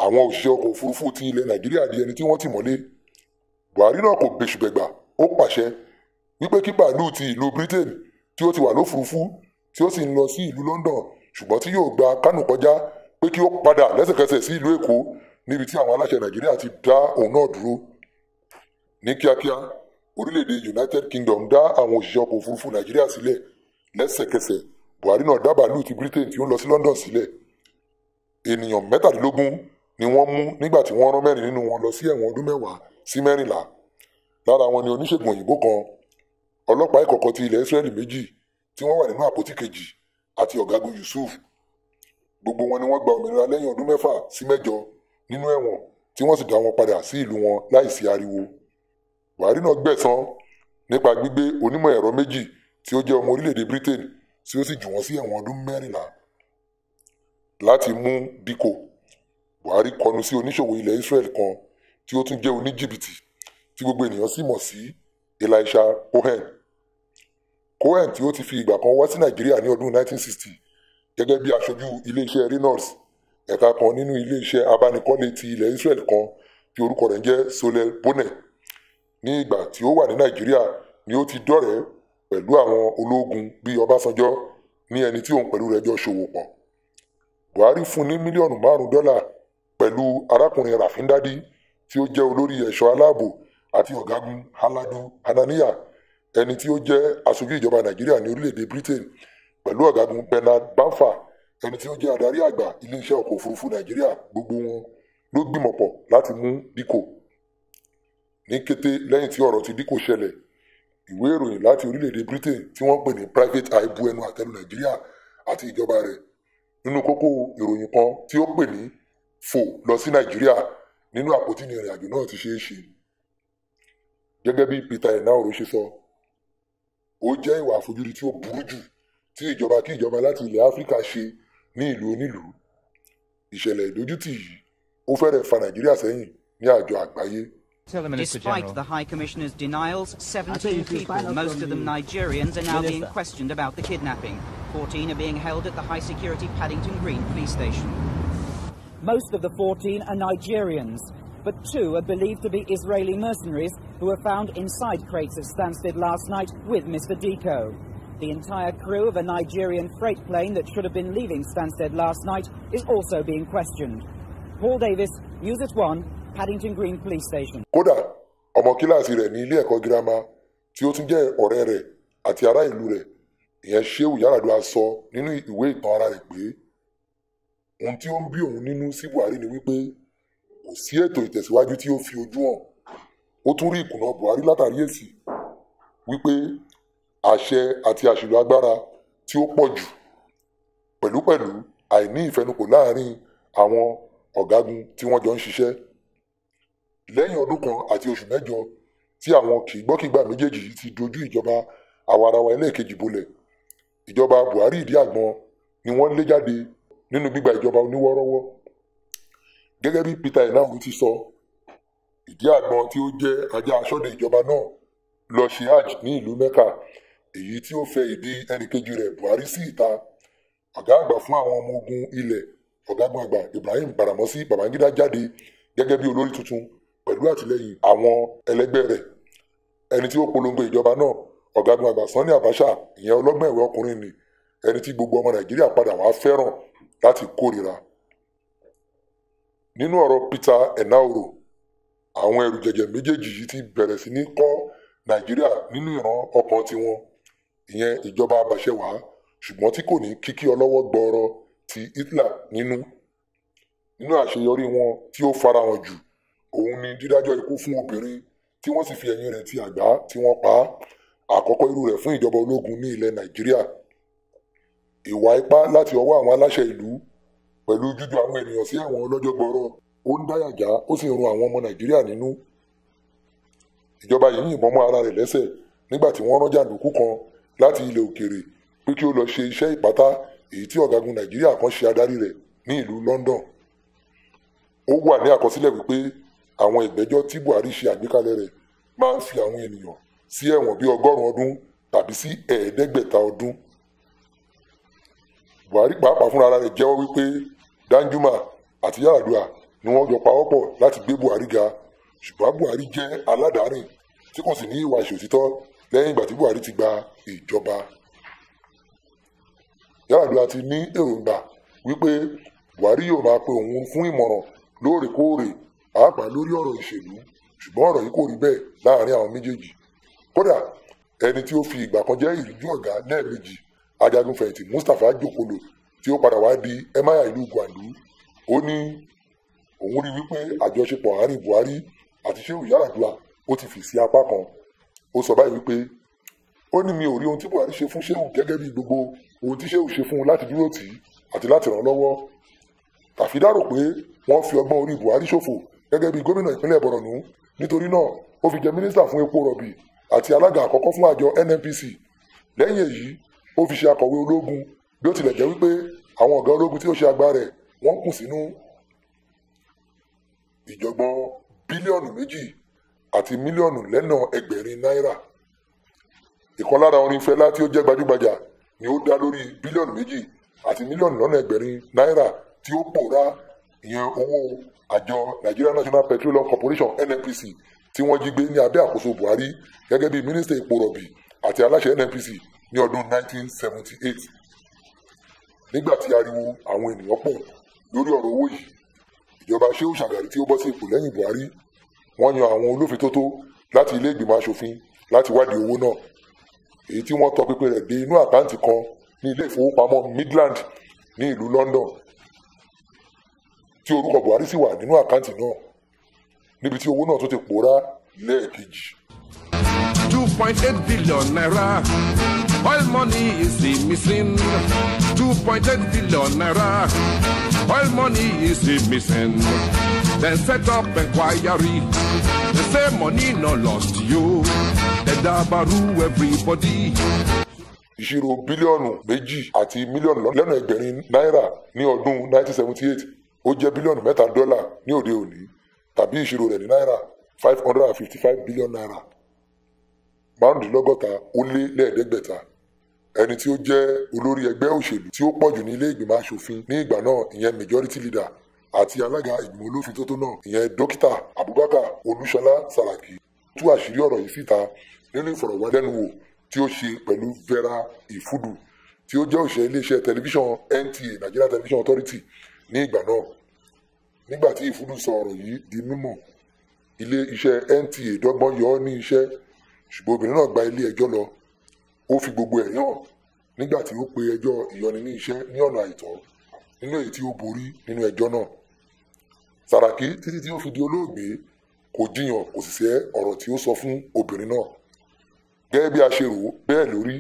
àwọn òṣìṣẹ́ ọkọ̀ òfurufú ti ilẹ̀ nàìjíríà di ẹni tí wọ́n tì mọ́lé buhari náà kò gbèsùgbẹ̀gbà ó pàṣẹ wípé kí bàálù ti ìlú Britain tí ó ti wà lófurufú tí ó sì ń lọ sí ìlú London ṣùgbọ́n tí yóò gba Kánò kọjá pé kí ó padà lẹ́sẹ̀kẹsẹ̀ sí ìlú Èkó níbi tí àwọn aláṣẹ Nàìjíríà ti dá òun náà dúró ní kíákíá orílẹ̀-èdè United Kingdom dá àwọn òṣìṣẹ́ ọkọ̀ òfurufú Nàìjíríà sílẹ̀ lẹ́sẹ̀kẹsẹ̀ Buhari náà dá bàálù ti Britain tí ó ń lọ sí London sílẹ̀ ènìyàn mẹ́tàdínlógún ni wọ́n mú nígbà tí wọ́n rán mẹ́rin nínú wọn lọ sí ẹ̀wọ̀n ọdún mẹ́wàá sí mẹ́rìnlá lára wọn ni oníṣègùn òyìnbó kan ọlọ́pàá ìkọ̀kọ̀ ti ilẹ̀ Ísírẹ́lì méjì tí wọ́n wà nínú àpótí kejì àti ọ̀gágun Yusuf gbogbo wọn ni wọ́n gba òmìnira lẹ́yìn ọdún mẹ́fà sí mẹ́jọ nínú ẹ̀wọ̀n tí wọ́n sì dá wọn padà sí ìlú wọn láìsí ariwo Buhari náà gbẹ̀san nípa gbígbé onímọ̀ ẹ̀rọ méjì tí ó jẹ́ ọmọ orílẹ̀-èdè Britain tí ó sì jù wọ́n sí ẹ̀wọ̀n ọdún mẹ́rìnlá láti mú díkò Buhari kọnu sí oníṣòwò ilẹ̀ Israel kan tí ó tún jẹ́ oníjìbìtì tí gbogbo ènìyàn sì mọ̀ sí Elisha Cohen cohen tí ó ti fi ìgbà kan wá sí nàìjíríà ní ọdún 1960 gẹ́gẹ́ bí aṣojú iléeṣẹ́ reynolds ẹ̀ka kan nínú iléeṣẹ́ abánikọ́lé ti ilẹ̀ israel kan tí orúkọ rẹ̀ ń jẹ́ solel bonnet ní ìgbà tí ó wà ní nàìjíríà ni ó ti dọ̀rẹ́ pẹ̀lú àwọn ológun bíi ọbásanjọ́ ní ẹni tí òun pẹ̀lú rẹ̀ jọ ṣòwò pọ̀ buhari fún ní mílíọ̀nù márùn-ún dọ́là pẹ̀lú arákùnrin rafindadi tí ó jẹ́ olórí ẹ̀ṣọ́ aláàbò àti ọ̀gágun haladu hananiya ẹni tí ó jẹ́ aṣojú ìjọba nàìjíríà ní orílẹ̀-èdè britain pẹ̀lú ọ̀gágun bernard bamfa ẹni tí ó jẹ́ adarí àgbà iléeṣẹ́ ọkọ̀ òfurufú nàìjíríà gbogbo wọn ló gbìmọ̀pọ̀ láti mú díkò ní kété lẹ́yìn tí ọ̀rọ̀ ti díkò ṣẹlẹ̀ ìwé ìròyìn láti orílẹ̀-èdè britain tí wọ́n pè ní private eye bu ẹnu àtẹ́lu nàìjíríà àti ìjọba rẹ̀ nínú kókó ìròyìn kan tí ó pè ní fò lọ sí nàìjíríà nínú àpótí ìrìnàjò náà ti ṣeé ṣe gẹ́gẹ́ bí peter enaoro ṣe sọ ó jẹ́ ìwà àfojúdi tí ó burú jù tí ìjọba kí ìjọba láti ilẹ̀ áfíríkà ṣe ní ìlú onílùú ìṣẹ̀lẹ̀ ìdójútì yìí ó fẹ́rẹ̀ fa nàìjíríà sẹ́yìn ní àjọ àgbáyé. Despite the High Commissioner's denials, 17 people, most of them Nigerians, are now being questioned about the kidnapping. 14 are being held at the high security Paddington Green police station. Most of the 14 are Nigerians. but two are believed to be Israeli mercenaries who were found inside crates at Stansted last night with Mr. Deco. The entire crew of a Nigerian freight plane that should have been leaving Stansted last night is also being questioned. Paul Davis, News at One, Paddington Green Police Station. kódà ọmọ kíláàsì rẹ̀ ní ilé ẹ̀kọ́ girama tí ó tún jẹ́ ọ̀rẹ́ rẹ̀ àti ará ìlú rẹ̀ ìyẹn Shehu Yaradua sọ nínú ìwé ìtàn ara rẹ̀ pé ohun tí ó ń bí òun nínú sí Buhari ni wípé kò sí ètò ìtẹ̀síwájú tí ó fi ojú hàn ó tún rí ìkùnà Buhari látàrí èsì wípé àṣẹ àti àṣìlò agbára tí ó pọ̀ jù pẹ̀lúpẹ̀lú àìní ìfẹnukò láàrin àwọn ọ̀gágun tí wọ́n jọ ń ṣiṣẹ́ lẹ́yìn ọdún kan àti oṣù mẹ́jọ tí àwọn kìgbọ́kìgbà méjèèjì yìí ti dojú ìjọba àwarawa ẹlẹ́ẹ̀kejì bolẹ̀ ìjọba Buhari ìdí àgbọn ni wọ́n lé jáde nínú gbígba ìjọba oníwọ́rọ́wọ́ gẹ́gẹ́ bí Peter Enahun ti sọ ìdí àgbọn tí ó jẹ́ ajá aṣọ́dẹ ìjọba náà lọ ṣe hajj ní ìlú Mẹ́kà èyí tí ó fẹ́ ìdí ẹnìkejì rẹ̀ Buhari sí ìta ọ̀gá àgbà fún àwọn ọmọ ogun ilẹ̀ ọ̀gágun àgbà Ibrahim Badamasi Babangida jáde gẹ́gẹ́ bí olórí tuntun pẹ̀lú àtìlẹ́yìn àwọn ẹlẹgbẹ́ rẹ̀ ẹni tí ó polongo ìjọba náà ọ̀gágun àgbà Sani Abacha ìyẹn ọlọ́gbọ̀n ẹ̀wẹ̀ ọkùnrin ni ẹni tí gbogbo ọmọ Nàìjíríà padà wá fẹ́ràn láti kórìíra nínú ọ̀rọ̀ Peter enauro, àwọn ẹrù jẹjẹ méjèèjì yìí ti bẹ̀rẹ̀ sí ní kọ́ Nàìjíríà nínú ìran ọkàn tiwọn ìyẹn ìjọba abàṣẹwàá ṣùgbọ́n tí kò ní kíkí ọlọ́wọ́ gbọọrọ ti Hitler nínú nínú àṣeyọrí wọn tí ó farahàn jù òun ni dídájọ́ ikú fún obìnrin tí wọ́n sì fi ẹ̀yìn rẹ̀ ti àgbá tí wọ́n pa á àkọ́kọ́ irú rẹ̀ fún ìjọba ológun ní ilẹ̀ Nàìjíríà ìwà ipá láti ọwọ́ àwọn aláṣẹ ìlú pẹ̀lú jíjù àwọn ènìyàn sí àwọn ọlọ́jọ́ gbọ́rọ́ ó ń dáyàjá ó sì ń run àwọn ọmọ nàìjíríà nínú ìjọba yìí yìnbọn mọ́ ara rẹ̀ lẹ́sẹ̀ nígbà tí wọ́n rán jàǹdùkú kan láti ilẹ̀ òkèèrè pé kí ó lọ ṣe iṣẹ́ ìpátá èyí tí ọ̀gágun nàìjíríà kan ṣe adarí rẹ̀ ní ìlú london ó wà ní àkọsílẹ̀ wípé àwọn ìgbẹ́jọ́ tí buhari ṣe àgbékalẹ̀ rẹ̀ máa ń fi àwọn ènìyàn sí ẹ̀wọ̀n bíi ọgọ́rùn-ún ọdún tàbí sí ẹ̀ẹ́dẹ́gbẹ̀ta ọdún buhari pàápàá fúnra rẹ̀ jẹ́wọ́ wípé danjuma àti yaradua ni wọ́n jọ pawọ́pọ̀ láti gbé buhari ga ṣùgbọ́n buhari jẹ́ aládàárìn tí kò sì ní ìwà ìṣòtítọ́ lẹ́yìn ìgbà tí buhari ti gba ìjọba yaradua ti ní èròǹgbà wípé buhari yóò máa pe òun fún ìmọ̀ràn lóòrèkóòrè pàápàá lórí ọ̀rọ̀ ìṣèlú ṣùgbọ́n ọ̀rọ̀ yìí kò rí bẹ́ẹ̀ láàrin àwọn méjèèjì kódà ẹni tí ó fi ìgbà kan jẹ́ ìrújú ọ̀gá lẹ́ẹ̀mejì ajagunfẹ̀yìntì mustapha jokolo tí ó padà wá di emir ìlú gwandu ó ní òun rí wípé àjọṣepọ̀ àárín buhari àti shehu yaradua ó ti fì sí apá kan ó sọ báyìí wípé ó ní mi ò rí ohun tí buhari ṣe fún shehu gẹ́gẹ́ bí gbogbo ohun tí shehu ṣe fún un láti dúró tì í àti láti ràn lọ́wọ́ tàfídà rò pé wọ́n fi ọgbọ́n orí buhari ṣòfò gẹ́gẹ́ bí gómìnà ìpínlẹ̀ borno nítorí náà ó fi jẹ mínísítà fún epo rọ̀bì àti alága àkọ́kọ́ fún àjọ nnpc lẹ́yìn èyí ó fi ṣe akọ̀wé ológun bí ó tilẹ̀ jẹ́ wípé àwọn ọ̀gá ológun tí ó ṣe agbára rẹ̀ wọ́n kù sínú ìjọgbọ́n bílíọ̀nù méjì àti mílíọ̀nù lẹ́nà ẹgbẹ̀rin náírà ìkan lára orin Fẹlá tí ó jẹ́ gbajúgbajà ni ó dá lórí bílíọ̀nù méjì àti mílíọ̀nù lọ́nà ẹgbẹ̀rin náírà tí ó pòórá ìyẹn owó àjọ Nigeria National Petroleum Corporation NNPC tí wọ́n jí gbé ní abẹ́ àkóso Buhari gẹ́gẹ́ bí mínísítà epo rọ̀bì àti aláṣẹ NNPC ní ọdún 1978 nígbà tí ariwo àwọn ènìyàn pọ̀ lórí ọ̀rọ̀ owó yìí ìjọba Shehu Shagari tí ó bọ́ sí ipò lẹ́yìn Buhari wọ́n yan àwọn olófin láti ilé ìgbìmọ̀ asòfin láti wádìí owó náà èyí tí wọ́n tọpinpin rẹ̀ dé inú àkáǹtì kan ní ilé ìfowópamọ́ Midland ní ìlú London tí orúkọ Buhari sì wà nínú àkáǹtì náà níbi tí owó náà tún ti pòórá lẹ́ẹ̀kejì. two point eight billion naira oil money is the missing. 2.8 billion naira. Oil money is missing. Then set up inquiry. The same money no lost you. They dabaru everybody. ìṣirò bílíọ̀nù méjì àti mílíọ̀nù lọ́nà ẹgbẹ̀rin náírà ní ọdún 1978 ó jẹ́ bílíọ̀nù mẹ́ta dọ́là ní òde òní tàbí ìṣirò rẹ̀ ní náírà 555 bílíọ̀nù náírà márùndínlọ́gọ́ta ó lé lẹ́ẹ̀ẹ́dẹ́gbẹ̀ta ẹni tí ó jẹ́ olórí ẹgbẹ́ òṣèlú tí ó pọ̀jù ní ilé ìgbìmọ̀ asòfin ní ìgbà náà ìyẹn majority leader àti alága ìgbìmọ̀ olófin tó tó náà ìyẹn dókítà Abubakar Olúṣọlá Saraki tú àṣírí ọ̀rọ̀ yìí síta nínú ìfọ̀rọ̀wádẹ́nuwò tí ó ṣe pẹ̀lú Vera Ifudu tí ó jẹ́ òṣèré iléeṣẹ́ tẹlifíṣàn NTA Nigeria Television Authority ní ìgbà náà nígbà tí Ifudu sọ ọ̀rọ̀ yìí di mímọ̀ ilé iṣẹ́ NTA dọ́gbọ́n yọ ọ́ ní iṣẹ́ ṣùgbọ́n obìnrin náà gba ilé ẹjọ́ lọ ó fi gbogbo ẹ̀ hàn nígbà tí ó pe ẹjọ́ ìyọni ní iṣẹ́ ní ọ̀nà àìtọ́ nínú èyí tí ó borí nínú ẹjọ́ náà Sàràkí títí tí ó fi di olóògbé kò jiyàn kò sì sẹ́ ọ̀rọ̀ tí ó sọ fún obìnrin náà gẹ́gẹ́ bí a ṣe rò bẹ́ẹ̀ lórí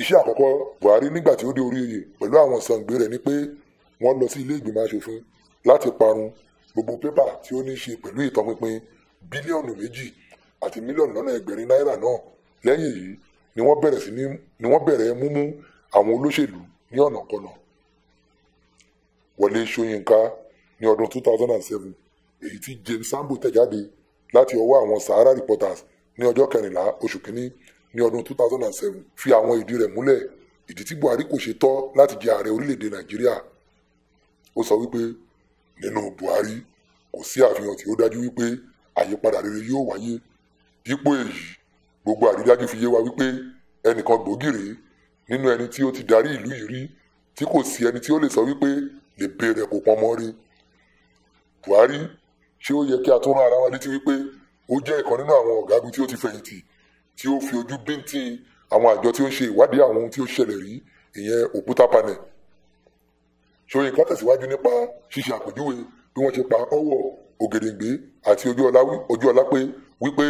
iṣẹ́ àkọ́kọ́ Buhari nígbà tí ó dé orí oyè pẹ̀lú àwọn sàǹgbé rẹ̀ ni pé wọ́n lọ sí ilé ìgbìmọ̀ aṣòfin láti parun gbogbo pépà tí ó ní í ṣe pẹ̀lú ìtọpinpin bílíọ̀nù méjì àti mílíọ̀nù lọ́nà ẹgbẹ̀rin náírà náà lẹ́yìn èyí ni wọ́n bẹ̀rẹ̀ sí ni wọ́n bẹ̀rẹ̀ múmú àwọn olóṣèlú ní ọ̀nà kọ̀nà Wọlé Ṣóyínká ní ọdún 2007 èyí tí James Sambo tẹ̀jáde láti ọwọ́ àwọn Sahara Reporters ní ọjọ́ kẹrìnlá oṣù kínní ní ọdún 2007 fi àwọn ìdí rẹ̀ múlẹ̀ ìdí tí Buhari kò ṣe tọ́ láti jẹ ààrẹ orílẹ̀-èdè Nàìjíríà ó sọ wípé nínú Buhari kò sí àfihàn tí ó dájú wípé àyípadà rere yóò wáyé dípò èyí gbogbo àrídájú fi yé wa wípé ẹnìkan gbòógì rèé nínú ẹni tí ó ti darí ìlú yìí rí tí kò sí ẹni tí ó lè sọ wípé lè bèrè kò pọn mọ́ rí Buhari ṣé ó yẹ kí a tún rán ara wa létí wípé ó jẹ́ ìkan nínú àwọn ọ̀gágun tí ó ti fẹ̀yìntì tí ó fi ojú bíntín àwọn àjọ tí ó ń ṣe ìwádìí àwọn ohun tí ó ṣẹlẹ̀ rí ìyẹn òkúta panel Ṣóyínká tẹ̀síwájú nípa ṣíṣe àpèjúwe bí wọ́n ṣe pa ọwọ́ Ògèdèǹgbé àti Ojúọlápé wípé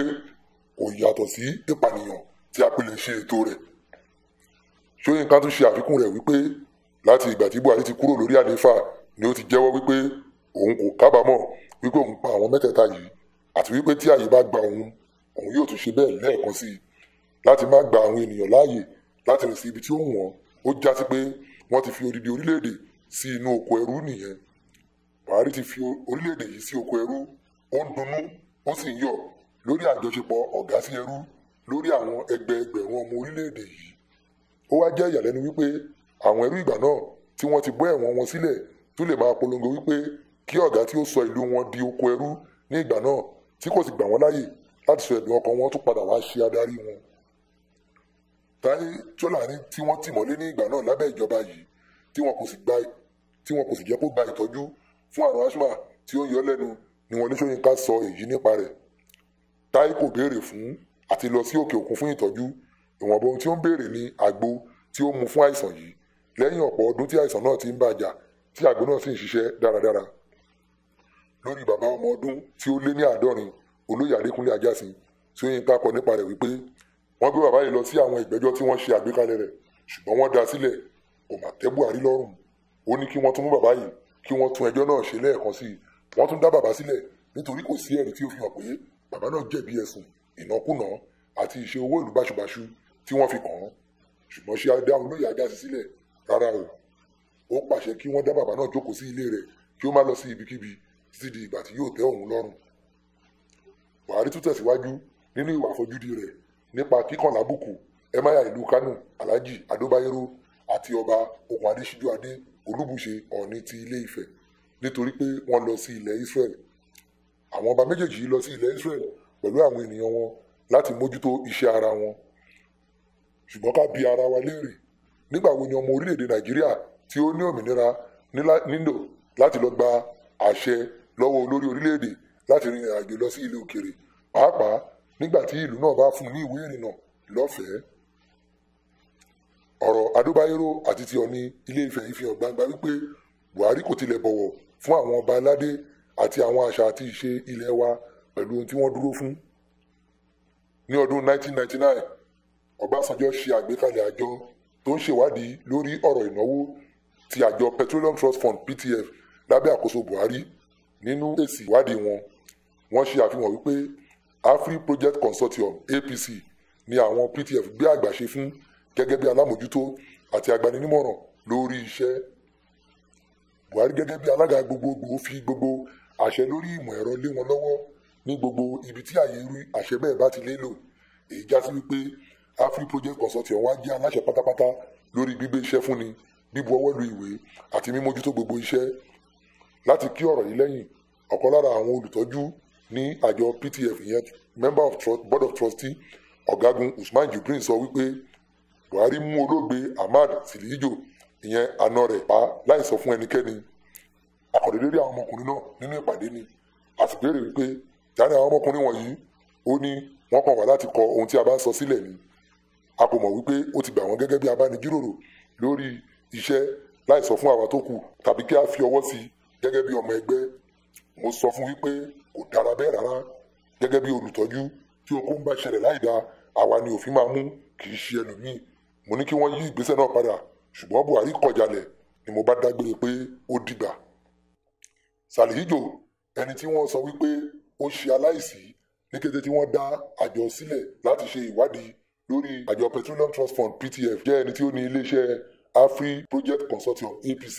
kò yàtọ̀ sí ìpànìyàn tí a pè lè ṣe ètò rẹ̀ ṣóyínká tún ṣe àfikún rẹ̀ wípé láti ìgbà tí buhari ti kúrò lórí àlééfà ni ó ti jẹ́wọ́ wípé òun kò kábàámọ̀ wípé òun pa àwọn mẹ́tẹ̀ẹ̀ta yìí àti wípé tí àyè bá gba òun òun yóò tún ṣe bẹ́ẹ̀ lẹ́ẹ̀kan sí i láti má gba àwọn ènìyàn láàyè láti rìn sí ibi tí ó wọ̀n ó já sí pé wọ́n ti fi odidi orílẹ̀-èdè sí inú oko ẹrú nìyẹn buhari ti fi orílẹ̀-èdè yìí sí oko ẹrú ó ń dunnú ó sì ń yọ̀ lórí àjọṣepọ̀ ọ̀gá sí ẹrú lórí àwọn ẹgbẹẹgbẹ̀rún ọmọ orílẹ̀-èdè yìí ó wá jẹ́ ìyàlẹ́nu wípé àwọn ẹrú ìgbà náà tí wọ́n ti bọ́ ẹ̀wọ̀n wọn sílẹ̀ tún lè máa polongo wípé kí ọ̀gá tí ó sọ ìlú wọn di oko ẹrú ní ìgbà náà tí kò sì gbà wọ́n láyè láti sọ ẹ̀dùn ọkàn wọn tún padà wá ṣe adarí wọn. Táyé Tọ́lání tí wọ́n tì mọ́lé ní ìgbà náà lábẹ́ ìjọba yìí tí wọn kò sì gba tí wọn kò sì jẹ́ kó gba ìtọ́jú fún àrùn asma tí ó ń yọ lẹ́nu ni wọ́n ní Ṣóyínká sọ èyí nípa rẹ̀ taiko kò béèrè fún àti lọ sí òkè òkun fún ìtọ́jú ìwọ̀nba ohun tí ó ń béèrè ní àgbo tí ó mu fún àìsàn yìí lẹ́yìn ọ̀pọ̀ ọdún tí àìsàn náà ti ń bàjà tí àgbo náà sì ń ṣiṣẹ́ dáradára lórí bàbá ọmọ ọdún tí ó lé ní àádọ́rin olóyè adékúnlé ajásìn tí ó yín kákọ nípa rẹ̀ wípé wọ́n gbé bàbá yìí lọ sí àwọn ìgbẹ́jọ́ tí wọ́n ṣe àgbékalẹ̀ rẹ̀ ṣùgbọ́n wọ́n dá sílẹ̀ kò mà tẹ́ lọ́rùn ó ní kí wọ́n tún mú bàbá yìí kí wọ́n tún ẹjọ́ náà ṣe lẹ́ẹ̀kan sí i wọ́n tún dá bàbá sílẹ̀ nítorí kò sí ẹ̀rí tí ó fi hàn pé bàbá náà jẹ̀bi ẹ̀sùn ìnákúnà àti ìṣe owó ìlú báṣubàṣu tí wọ́n fi kàn án ṣùgbọ́n ṣé adá olóyè Ajáṣin sílẹ̀ rárá o ó pàṣẹ kí wọ́n dá bàbá náà jókòó sí ilé rẹ̀ kí ó má lọ sí ibikíbi títí di ìgbà tí yóò tẹ́ òun lọ́rùn Buhari tún tẹ̀síwájú nínú ìwà àfojúdi rẹ̀ nípa kíkàn lábùkù ẹmáyà ìlú Kánò Alhaji Adóbáyérò àti ọba Ògùn Adéṣíjú Adé Olúbùṣe Ọ̀ọ̀ni ti Ilé Ifẹ̀ nítorí pé wọ́n lọ sí ilẹ̀ Israel àwọn ọba méjèèjì yìí lọ sí ilẹ̀ Israel pẹ̀lú àwọn ènìyàn wọn láti mójútó iṣẹ́ ara wọn ṣùgbọ́n ká bi ara wa léèrè nígbà wo ni ọmọ orílẹ̀-èdè Nàìjíríà tí ó ní òmìnira nílò láti lọ gba àṣẹ lọ́wọ́ olórí orílẹ̀-èdè láti rin àjò lọ sí ilé òkèrè pàápàá nígbà tí ìlú náà bá fún ní ìwé ìrìnnà lọ́fẹ̀ẹ́ ọ̀rọ̀ Adébáyérò àti ti Ọ̀ọ̀ni Ilé-Ifẹ̀ ìfihàn gbangba wípé Buhari kò tilẹ̀ bọ̀wọ̀ fún àwọn ọba aládé àti àwọn àṣà àti ìṣe ilẹ̀ wa pẹ̀lú ohun tí wọ́n dúró fún. ní ọdún 1999 Ọbásanjọ́ ṣe àgbékalẹ̀ àjọ tó ń ṣèwádìí lórí ọ̀rọ̀ ìnáwó ti àjọ Petroleum Trust Fund PTF lábẹ́ àkóso Buhari nínú èsì ìwádìí wọn wọ́n ṣe àfihàn wípé Afri Project Consortium APC ni àwọn PTF gbé àgbàṣe fún gẹ́gẹ́ bí alámòjútó àti agbaninímọ̀ràn lórí iṣẹ́ Buhari gẹ́gẹ́ bí alága gbogbogbò fi gbogbo àṣẹ lórí ìmọ̀ ẹ̀rọ lé wọn lọ́wọ́ ní gbogbo ibi tí àyè irú àṣẹ bẹ́ẹ̀ bá ti lé lò èyí já sí wípé afri project consulting wa jẹ́ aláṣẹ pátápátá lórí gbígbé iṣẹ́ fúnni bíbu ọwọ́ lu ìwé àti mímójútó gbogbo iṣẹ́ láti kí ọ̀rọ̀ yìí lẹ́yìn ọ̀kan lára àwọn olùtọ́jú ní àjọ PTF ìyẹn member of trust, board of trustee ọ̀gágun Usman Jibrin sọ wípé Buhari mú olóògbé Ahmad Silijo ìyẹn àna rẹ̀ pa láì sọ fún ẹnikẹ́ni akọ̀dédé rí àwọn ọmọkùnrin náà nínú ìpàdé ni a sì béèrè wípé dání àwọn ọmọkùnrin wọ̀nyí ó ní wọ́n kàn wá láti kọ ohun tí a bá ń sọ sílẹ̀ ni a kò mọ̀ wípé ó ti gbà wọ́n gẹ́gẹ́ bí abánijíròrò lórí iṣẹ́ láì sọ fún àwa tó kù tàbí kí a fi ọwọ́ sí i gẹ́gẹ́ bí ọmọ ẹgbẹ́ mo sọ fún wípé kò dára bẹ́ẹ̀ rárá gẹ́gẹ́ bí olùtọ́jú tí okun bá ṣẹlẹ̀ láì àwa ni òfin máa mú kì í ṣe ẹlòmíì mo ní kí wọ́n yí ìgbésẹ̀ náà padà ṣùgbọ́n Buhari kọ̀jálẹ̀ ni mo bá dágbére pé ó dìgbà sàlìjò ẹni tí wọ́n sọ wípé ó ṣe aláìsí ní kété tí wọ́n dá àjọ sílẹ̀ láti ṣe ìwádìí lórí àjọ petroleum trust fund ptf jẹ́ ẹni tí ó ní iléeṣẹ́ afri project consortium apc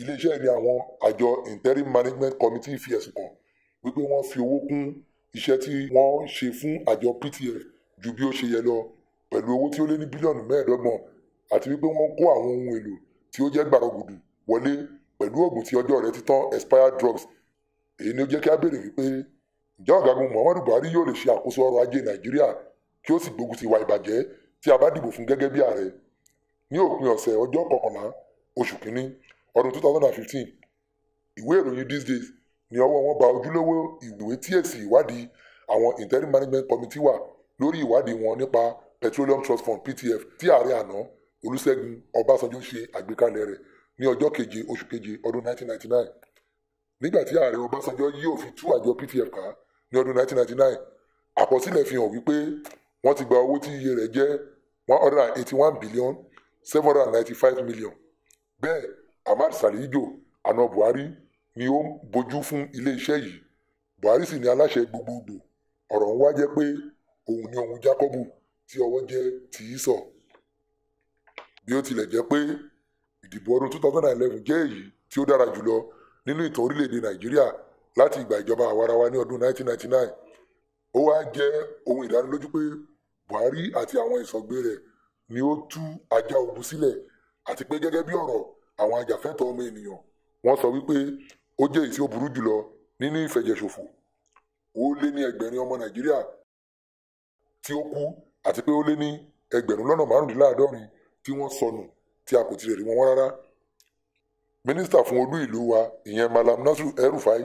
iléeṣẹ́ ni àwọn àjọ interim management committee fi ẹ̀sùn kàn wípé wọ́n fi owó kún iṣẹ́ tí wọ́n ṣe fún àjọ ptf ju bí ó ṣe yẹ lọ pẹ̀lú owó tí ó lé ní bílíọ̀nù mẹ́ẹ̀ẹ́dọ́gbọ̀n àti wípé wọ́n kó àwọn ohun èlò tí ó jẹ́ gbàrọ̀gùdù wọlé pẹ̀lú oògùn tí ọjọ́ rẹ̀ ti tán expired drugs èyí ni ó jẹ́ kí a béèrè wípé ǹjẹ́ ọ̀gágun muhammadu buhari yóò lè ṣe àkóso ọrọ̀ ajé nàìjíríà kí ó sì gbógun ti ìwà ìbàjẹ́ tí a bá dìbò fún gẹ́gẹ́ bí ààrẹ ní òpin ọ̀sẹ̀ ọjọ́ kọkànlá oṣù kínní ọdún 2015 ìwé ìròyìn these days ni ọwọ́ wọn ba ojúlówó ìwé tí èsì ìwádìí àwọn interim management committee wà lórí ìwádìí wọn nípa petroleum trust fund ptf tí ààrẹ àná olúṣẹ́gun ọbásanjọ́ ṣe àgbékalẹ̀ rẹ̀ ní ọjọ́ keje oṣù keje ọdún 1999 nígbà tí ààrẹ Ọbásanjọ́ yí òfin tú àjọ PTF ká ní ọdún 1999 àkọsílẹ̀ fi hàn wípé wọ́n ti gba owó tí iye rẹ̀ jẹ́ one billion 795 million bẹ́ẹ̀ Ahmad Sani Ijo àna Buhari ni ó ń bójú fún ilé-iṣẹ́ yìí Buhari sì ni aláṣẹ gbogbogbò ọ̀rọ̀ ń wá jẹ́ pé òun ni òun Jákọ́bù tí ọwọ́ jẹ́ tìí sọ bí ó tilẹ̀ jẹ́ pé ìdìbò ọdún 2011 jẹ́ èyí tí ó dára jùlọ nínú ìtàn orílẹ̀-èdè nàìjíríà láti ìgbà ìjọba àwarawa ní ọdún 1999 ó wá jẹ́ ohun ìdánilójú pé buhari àti àwọn ìsọ̀gbé rẹ̀ ni ó tú ajá ogun sílẹ̀ àti pé gẹ́gẹ́ bí ọ̀rọ̀ àwọn ajàfẹ́tọ̀ọ́ ọmọ ènìyàn wọ́n sọ wípé ó jẹ́ èyí tí ó burú jùlọ nínú ìfẹ̀jẹ̀ṣòfò ó lé ní ẹgbẹ̀rin ọmọ nàìjíríà tí ó kú àti pé ó lé ní ẹgbẹ̀rún lọ́nà márùndínláàádọ́rin tí wọ́n sọnù tí a kò tilẹ̀ rí wọn wọ́n rárá mínísítà fún olú ìlú wa ìyẹn malam nasiru El-Rufai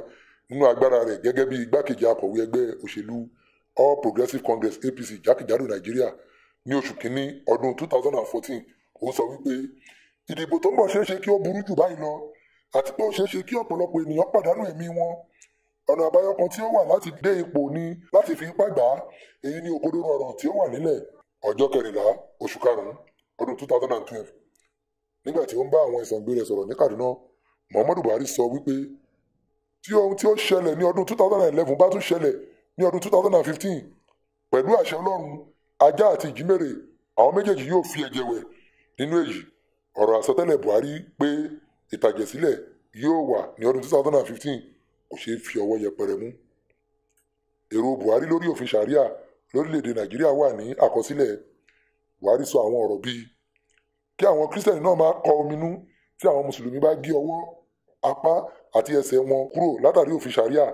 nínú agbára rẹ̀ gẹ́gẹ́ bí igbákejì akọ̀wé ẹgbẹ́ òṣèlú all progressives congress apc jákèjádò nàìjíríà ní oṣù kínní ọdún two thousand and fourteen ó sọ wípé ìdìbò tó ń bọ̀ ṣeéṣe kí ó burú jù báyìí lọ àti pé ó ṣeéṣe kí ọ̀pọ̀lọpọ̀ ènìyàn pàdánù ẹ̀mí wọn ọ̀nà àbáyọ tí ó wà láti dé ipò ni láti fi ipá gbà á èyí ni òkodoro ọ̀rọ̀ tí ó wà nílẹ̀ ọjọ́ kẹrìnlá oṣù karùn-ún ọdún two thousand and twelve nígbà tí ó ń bá àwọn ìsàngbé rẹ̀ sọ̀rọ̀ ní Kaduna Muhammadu Buhari sọ wípé tí ohun tí ó ṣẹlẹ̀ ní ọdún 2011 bá tún ṣẹlẹ̀ ní ọdún 2015 pẹ̀lú àṣẹ Ọlọ́run ajá àti ìjímèrè àwọn méjèèjì yóò fi ẹ̀jẹ̀ wẹ̀ nínú èyí ọ̀rọ̀ àsọtẹ́lẹ̀ Buhari pé ìtàjẹ̀sílẹ̀ yóò wà ní ọdún 2015 kò ṣeé fi ọwọ́ yẹpẹrẹ mú èrò Buhari lórí òfin ṣàríà lórílẹ̀‐èdè Nàìjíríà wà ní àkọsílẹ̀ Buhari sọ àwọn ọ̀rọ̀ bíi kí àwọn kírísítẹ̀nì náà máa kọ ominú tí àwọn mùsùlùmí bá gé ọwọ́ apá àti ẹsẹ̀ wọn kúrò látàrí òfin ṣàríà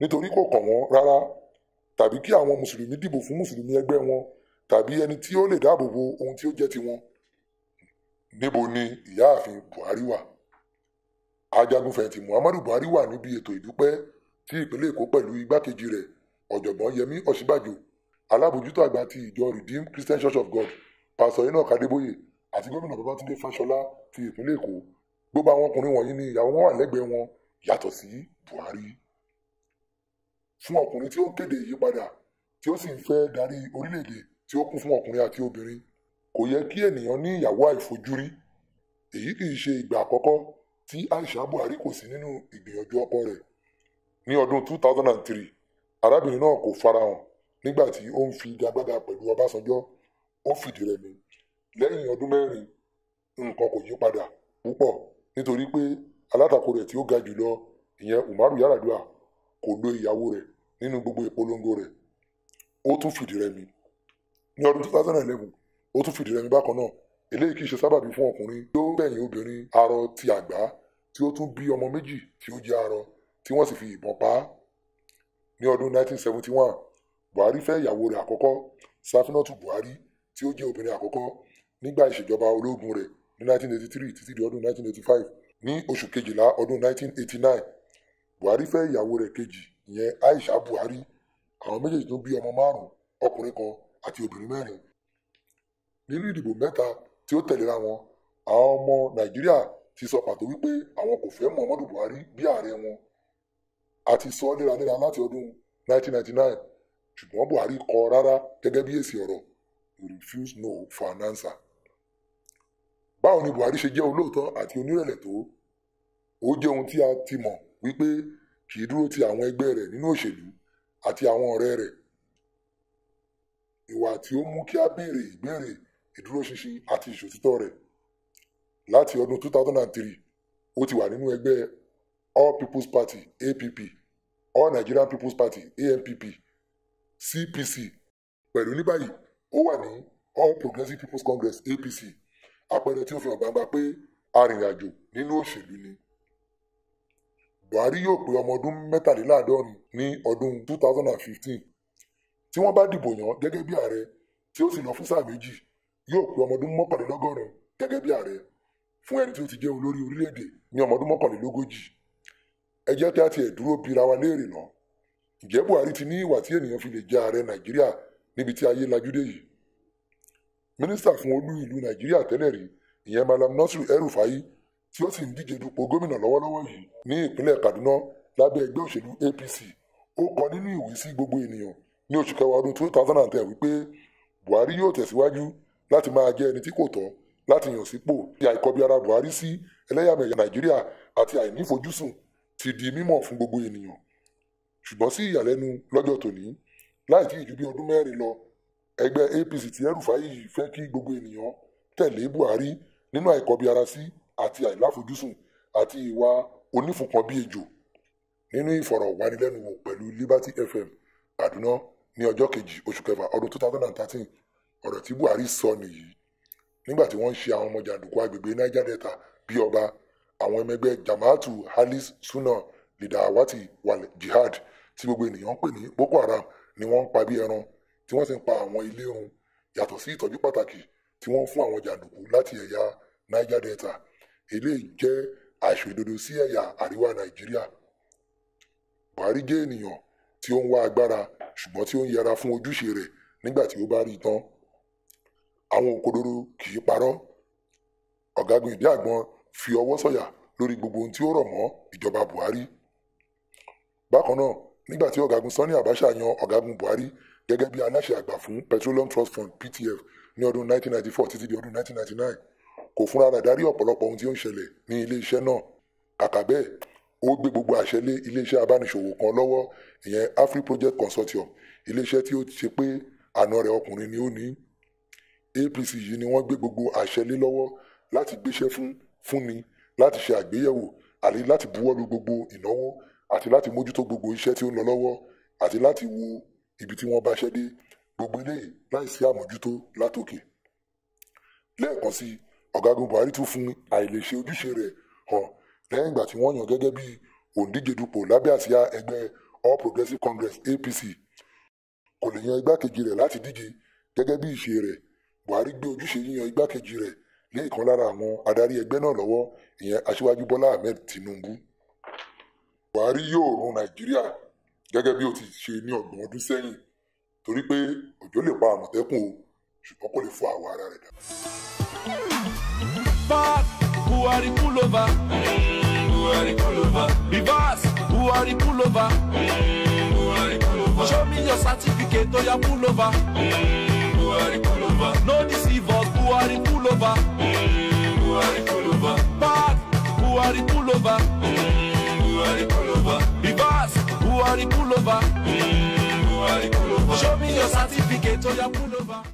nítorí kò kàn wọ́n rárá tàbí kí àwọn mùsùlùmí dìbò fún mùsùlùmí ẹgbẹ́ wọn tàbí ẹni tí ó lè dáàbò bo ohun tí ó jẹ́ tiwọn. níbo ni ìyáàfin Buhari wà ajagunfẹ̀yìntì Muhammadu Buhari wà níbi ètò ìdúpẹ́ tí ìpínlẹ̀ Èkó pẹ̀lú igbákejì rẹ̀ ọ̀jọ̀gbọ́n Yẹmí Ọ̀ṣínbàjò alábòjútó àgbà ti ìjọ Redeemed Christian Church of God pásọ Enoch Adébóyè àti gómìnà babátúndé fáṣọlá ti ìpínlẹ̀ èkó gbogbo àwọn ọkùnrin wọ̀nyí ni ìyàwó wọn wà lẹ́gbẹ̀ẹ́ wọn yàtọ̀ sí buhari fún ọkùnrin tí ó ń kéde ìyípadà tí ó sì ń fẹ́ darí orílẹ̀-èdè tí ó kún fún ọkùnrin àti obìnrin kò yẹ kí ènìyàn ní ìyàwó àìfojúrí èyí kì í ṣe ìgbà àkọ́kọ́ tí aisha buhari kò sí nínú ìgbìyànjú ọkọ rẹ̀ ní ọdún 2003 arábìnrin náà kò farahàn nígbà tí ó ń fi gagbádá pẹ̀lú ọbásanjọ́ ó fìdí rẹmi lẹ́yìn ọdún mẹ́rin nǹkan kò yí padà púpọ̀ nítorí pé alátakò rẹ̀ tí ó ga jùlọ ìyẹn Umaru Yar'Adua kò lo ìyàwó rẹ̀ nínú gbogbo ìpolongo rẹ̀ ó tún fìdí rẹmi ní ọdún two thousand and eleven ó tún fìdí rẹmi bákan náà eléyìí kì í ṣe sábàbí fún ọkùnrin tó bẹ̀yìn obìnrin arọ ti àgbá tí ó tún bí ọmọ méjì tí ó jẹ́ arọ tí wọ́n sì fi ìbọn pa á ní ọdún 1971 Buhari fẹ́ ìyàwó rẹ̀ àkọ́kọ́ Safinatu Buhari tí ó jẹ́ obìnrin àkọ́kọ́ nígbà ìṣèjọba ológun rẹ̀ ní 1983 títí di ọdún 1985 ní oṣù kejìlá ọdún 1989 buhari fẹ́ ìyàwó rẹ̀ kejì ìyẹn aisha buhari àwọn méjèèjì tó bí ọmọ márùn-ún ọkùnrin kan àti obìnrin mẹ́rin nínú ìdìbò mẹ́ta tí ó tẹ̀léra wọn àwọn ọmọ nàìjíríà ti sọ pàtó wípé àwọn kò fẹ́ muhammadu buhari bí ààrẹ wọn àti sọ léraléra láti ọdún 1999 ṣùgbọ́n buhari kọ̀ rárá gẹ́gẹ́ bí èsì ọ̀rọ̀ he refused no for an answer báwo ni Buhari ṣe jẹ́ olóòótọ́ àti onírẹ̀lẹ̀ tó ó jẹ́ ohun tí a ti mọ̀ wípé kì í dúró ti àwọn ẹgbẹ́ rẹ̀ nínú òṣèlú àti àwọn ọ̀rẹ́ rẹ̀ ìwà tí ó mú kí a béèrè ìbéèrè ìdúróṣinṣin àti ìṣòtítọ́ rẹ̀ láti ọdún 2003 ó ti wà nínú ẹgbẹ́ All People's Party APP All Nigerian People's Party ANPP CPC pẹ̀lú ní báyìí ó wà ní All Progressive People's Congress APC àpẹẹrẹ tí ó fi hàn gbangba pé arìnrìnàjò nínú òṣèlú ni Buhari yóò pé ọmọ ọdún mẹ́tàléláàádọ́rin ní ọdún 2015 tí wọ́n bá dìbò yàn gẹ́gẹ́ bí ààrẹ tí ó sì lọ fún sáà méjì yóò pé ọmọ ọdún mọ́kànlélọ́gọ́rin je bí ààrẹ fún ẹni tí ti bira wa léèrè náà ǹjẹ́ Buhari ti ní ìwà tí ènìyàn fi lè jẹ ààrẹ Nàìjíríà níbi tí ayé lajú mínísítà fún olú ìlú nàìjíríà tẹ́lẹ̀ rí ìyẹn malam nasiru el-rufai tí ó sì ń díje dupò gómìnà lọ́wọ́lọ́wọ́ yìí ní ìpínlẹ̀ kaduna lábẹ́ ẹgbẹ́ òṣèlú apc ó kọ nínú ìwé sí gbogbo ènìyàn ní oṣù kẹwàá ọdún two thousand and ten wípé buhari yóò tẹ̀síwájú láti máa jẹ́ ẹni tí kò tọ́ láti yàn sípò ti àìkọbi ara buhari sí ẹlẹ́yàmẹ̀yà nàìjíríà àti àìnífojúsùn ti di mímọ̀ fún gbogbo ènìyàn ṣùgbọ́n sí ìyàlẹ́nu lọ́jọ́ tòní láì tí ì ju bí ọdún mẹ́rin lọ ẹgbẹ́ APC tí El-Rufai yìí fẹ́ kí gbogbo ènìyàn tẹ̀lé Buhari nínú àìkọbiarasí àti àìláfojúsùn àti ìwà onífùnkan bí ejò nínú ìfọ̀rọ̀wánilẹ́nuwò pẹ̀lú Liberty FM Kaduna ní ọjọ́ kejì oṣù kẹfà ọdún 2013 ọ̀rọ̀ tí Buhari sọ nìyí nígbà tí wọ́n ń ṣe àwọn ọmọ jàǹdùkú agbègbè Niger Delta bíi ọba àwọn ọmọ Jamaatu Halis suna Lidawati Wal Jihad tí gbogbo ènìyàn ń pè ní Boko Haram ni wọ́n ń pa bí ẹran tí wọ́n sì ń pa àwọn ilé run yàtọ̀ sí ìtọ́jú pàtàkì tí wọ́n ń fún àwọn jàǹdùkú láti ẹ̀yà niger delta eléyìí jẹ́ àìṣòdodo sí ẹ̀yà àríwá nàìjíríà buhari jẹ́ ènìyàn tí ó ń wá agbára ṣùgbọ́n tí ó ń yẹra fún ojúṣe rẹ̀ nígbà tí ó bá rí i tán àwọn òkodoro kì í parọ́ ọ̀gágun ìdí àgbọn fi ọwọ́ sọ̀yà lórí gbogbo ohun tí ó rọ̀ mọ́ ìjọba buhari bákan náà nígbà tí ọ̀gágun sani abacha yan ọ̀gágun buhari gẹ́gẹ́ bí aláṣẹ àgbà fún petroleum trust fund ptf ní ọdún 1994 títí di ọdún 1999 kò fúnra rẹ̀ darí ọ̀pọ̀lọpọ̀ ohun tí ó ń ṣẹlẹ̀ ní ilé náà kàkà bẹ́ẹ̀ ó gbé gbogbo àṣẹ lé ilé abániṣòwò kan lọ́wọ́ ìyẹn afri project consortium ilé-iṣẹ́ tí ó ṣe pé àna rẹ̀ ọkùnrin ni ó ní apc yìí ni wọ́n gbé gbogbo àṣẹ lé lọ́wọ́ láti gbéṣẹ́ fún fúnni láti ṣe àgbéyẹ̀wò àti láti buwọ́lu gbogbo ìnáwó àti láti mójútó gbogbo iṣẹ́ tí ó ń lọ lọ́wọ́ àti láti wo ibi tí wọ́n bá ṣẹ́ dé gbogbo eléyìí láìsí àmójútó látòkè lẹ́ẹ̀kan sí ọ̀gágun Buhari tún fún àìlèṣe ojúṣe rẹ̀ hàn lẹ́yìn ìgbà tí wọ́n yàn gẹ́gẹ́ bí òǹdíje dupò lábẹ́ àsíá ẹgbẹ́ All Progressives Congress APC kò lè yan igbákejì rẹ̀ láti díje gẹ́gẹ́ bí ìṣe rẹ̀ Buhari gbé ojúṣe yíyan igbákejì rẹ̀ lé ìkan lára àwọn adarí ẹgbẹ́ náà lọ́wọ́ ìyẹn aṣíwájú Bọ́lá Ahmed Tinubu Buhari yóò run Nàìjíríà gẹ́gẹ́ bí ó ti ṣe ní ọgbọ̀n ọdún sẹ́yìn torí pé òjò lè pa àmọ̀tẹ́kùn o ṣùgbọ́n kò lè fọ àwọ̀ ara rẹ̀ dà. bad buhari pull over buhari pull over reverse buhari pull over buhari pull over show me your certificate oya oh, pull over buhari pull over no deceive us buhari pull over buhari pull over bad buhari pull over buhari pull over. Buhari pull over. Mm, Buhari pull over. Show me your certificate Oh, yeah! pull over.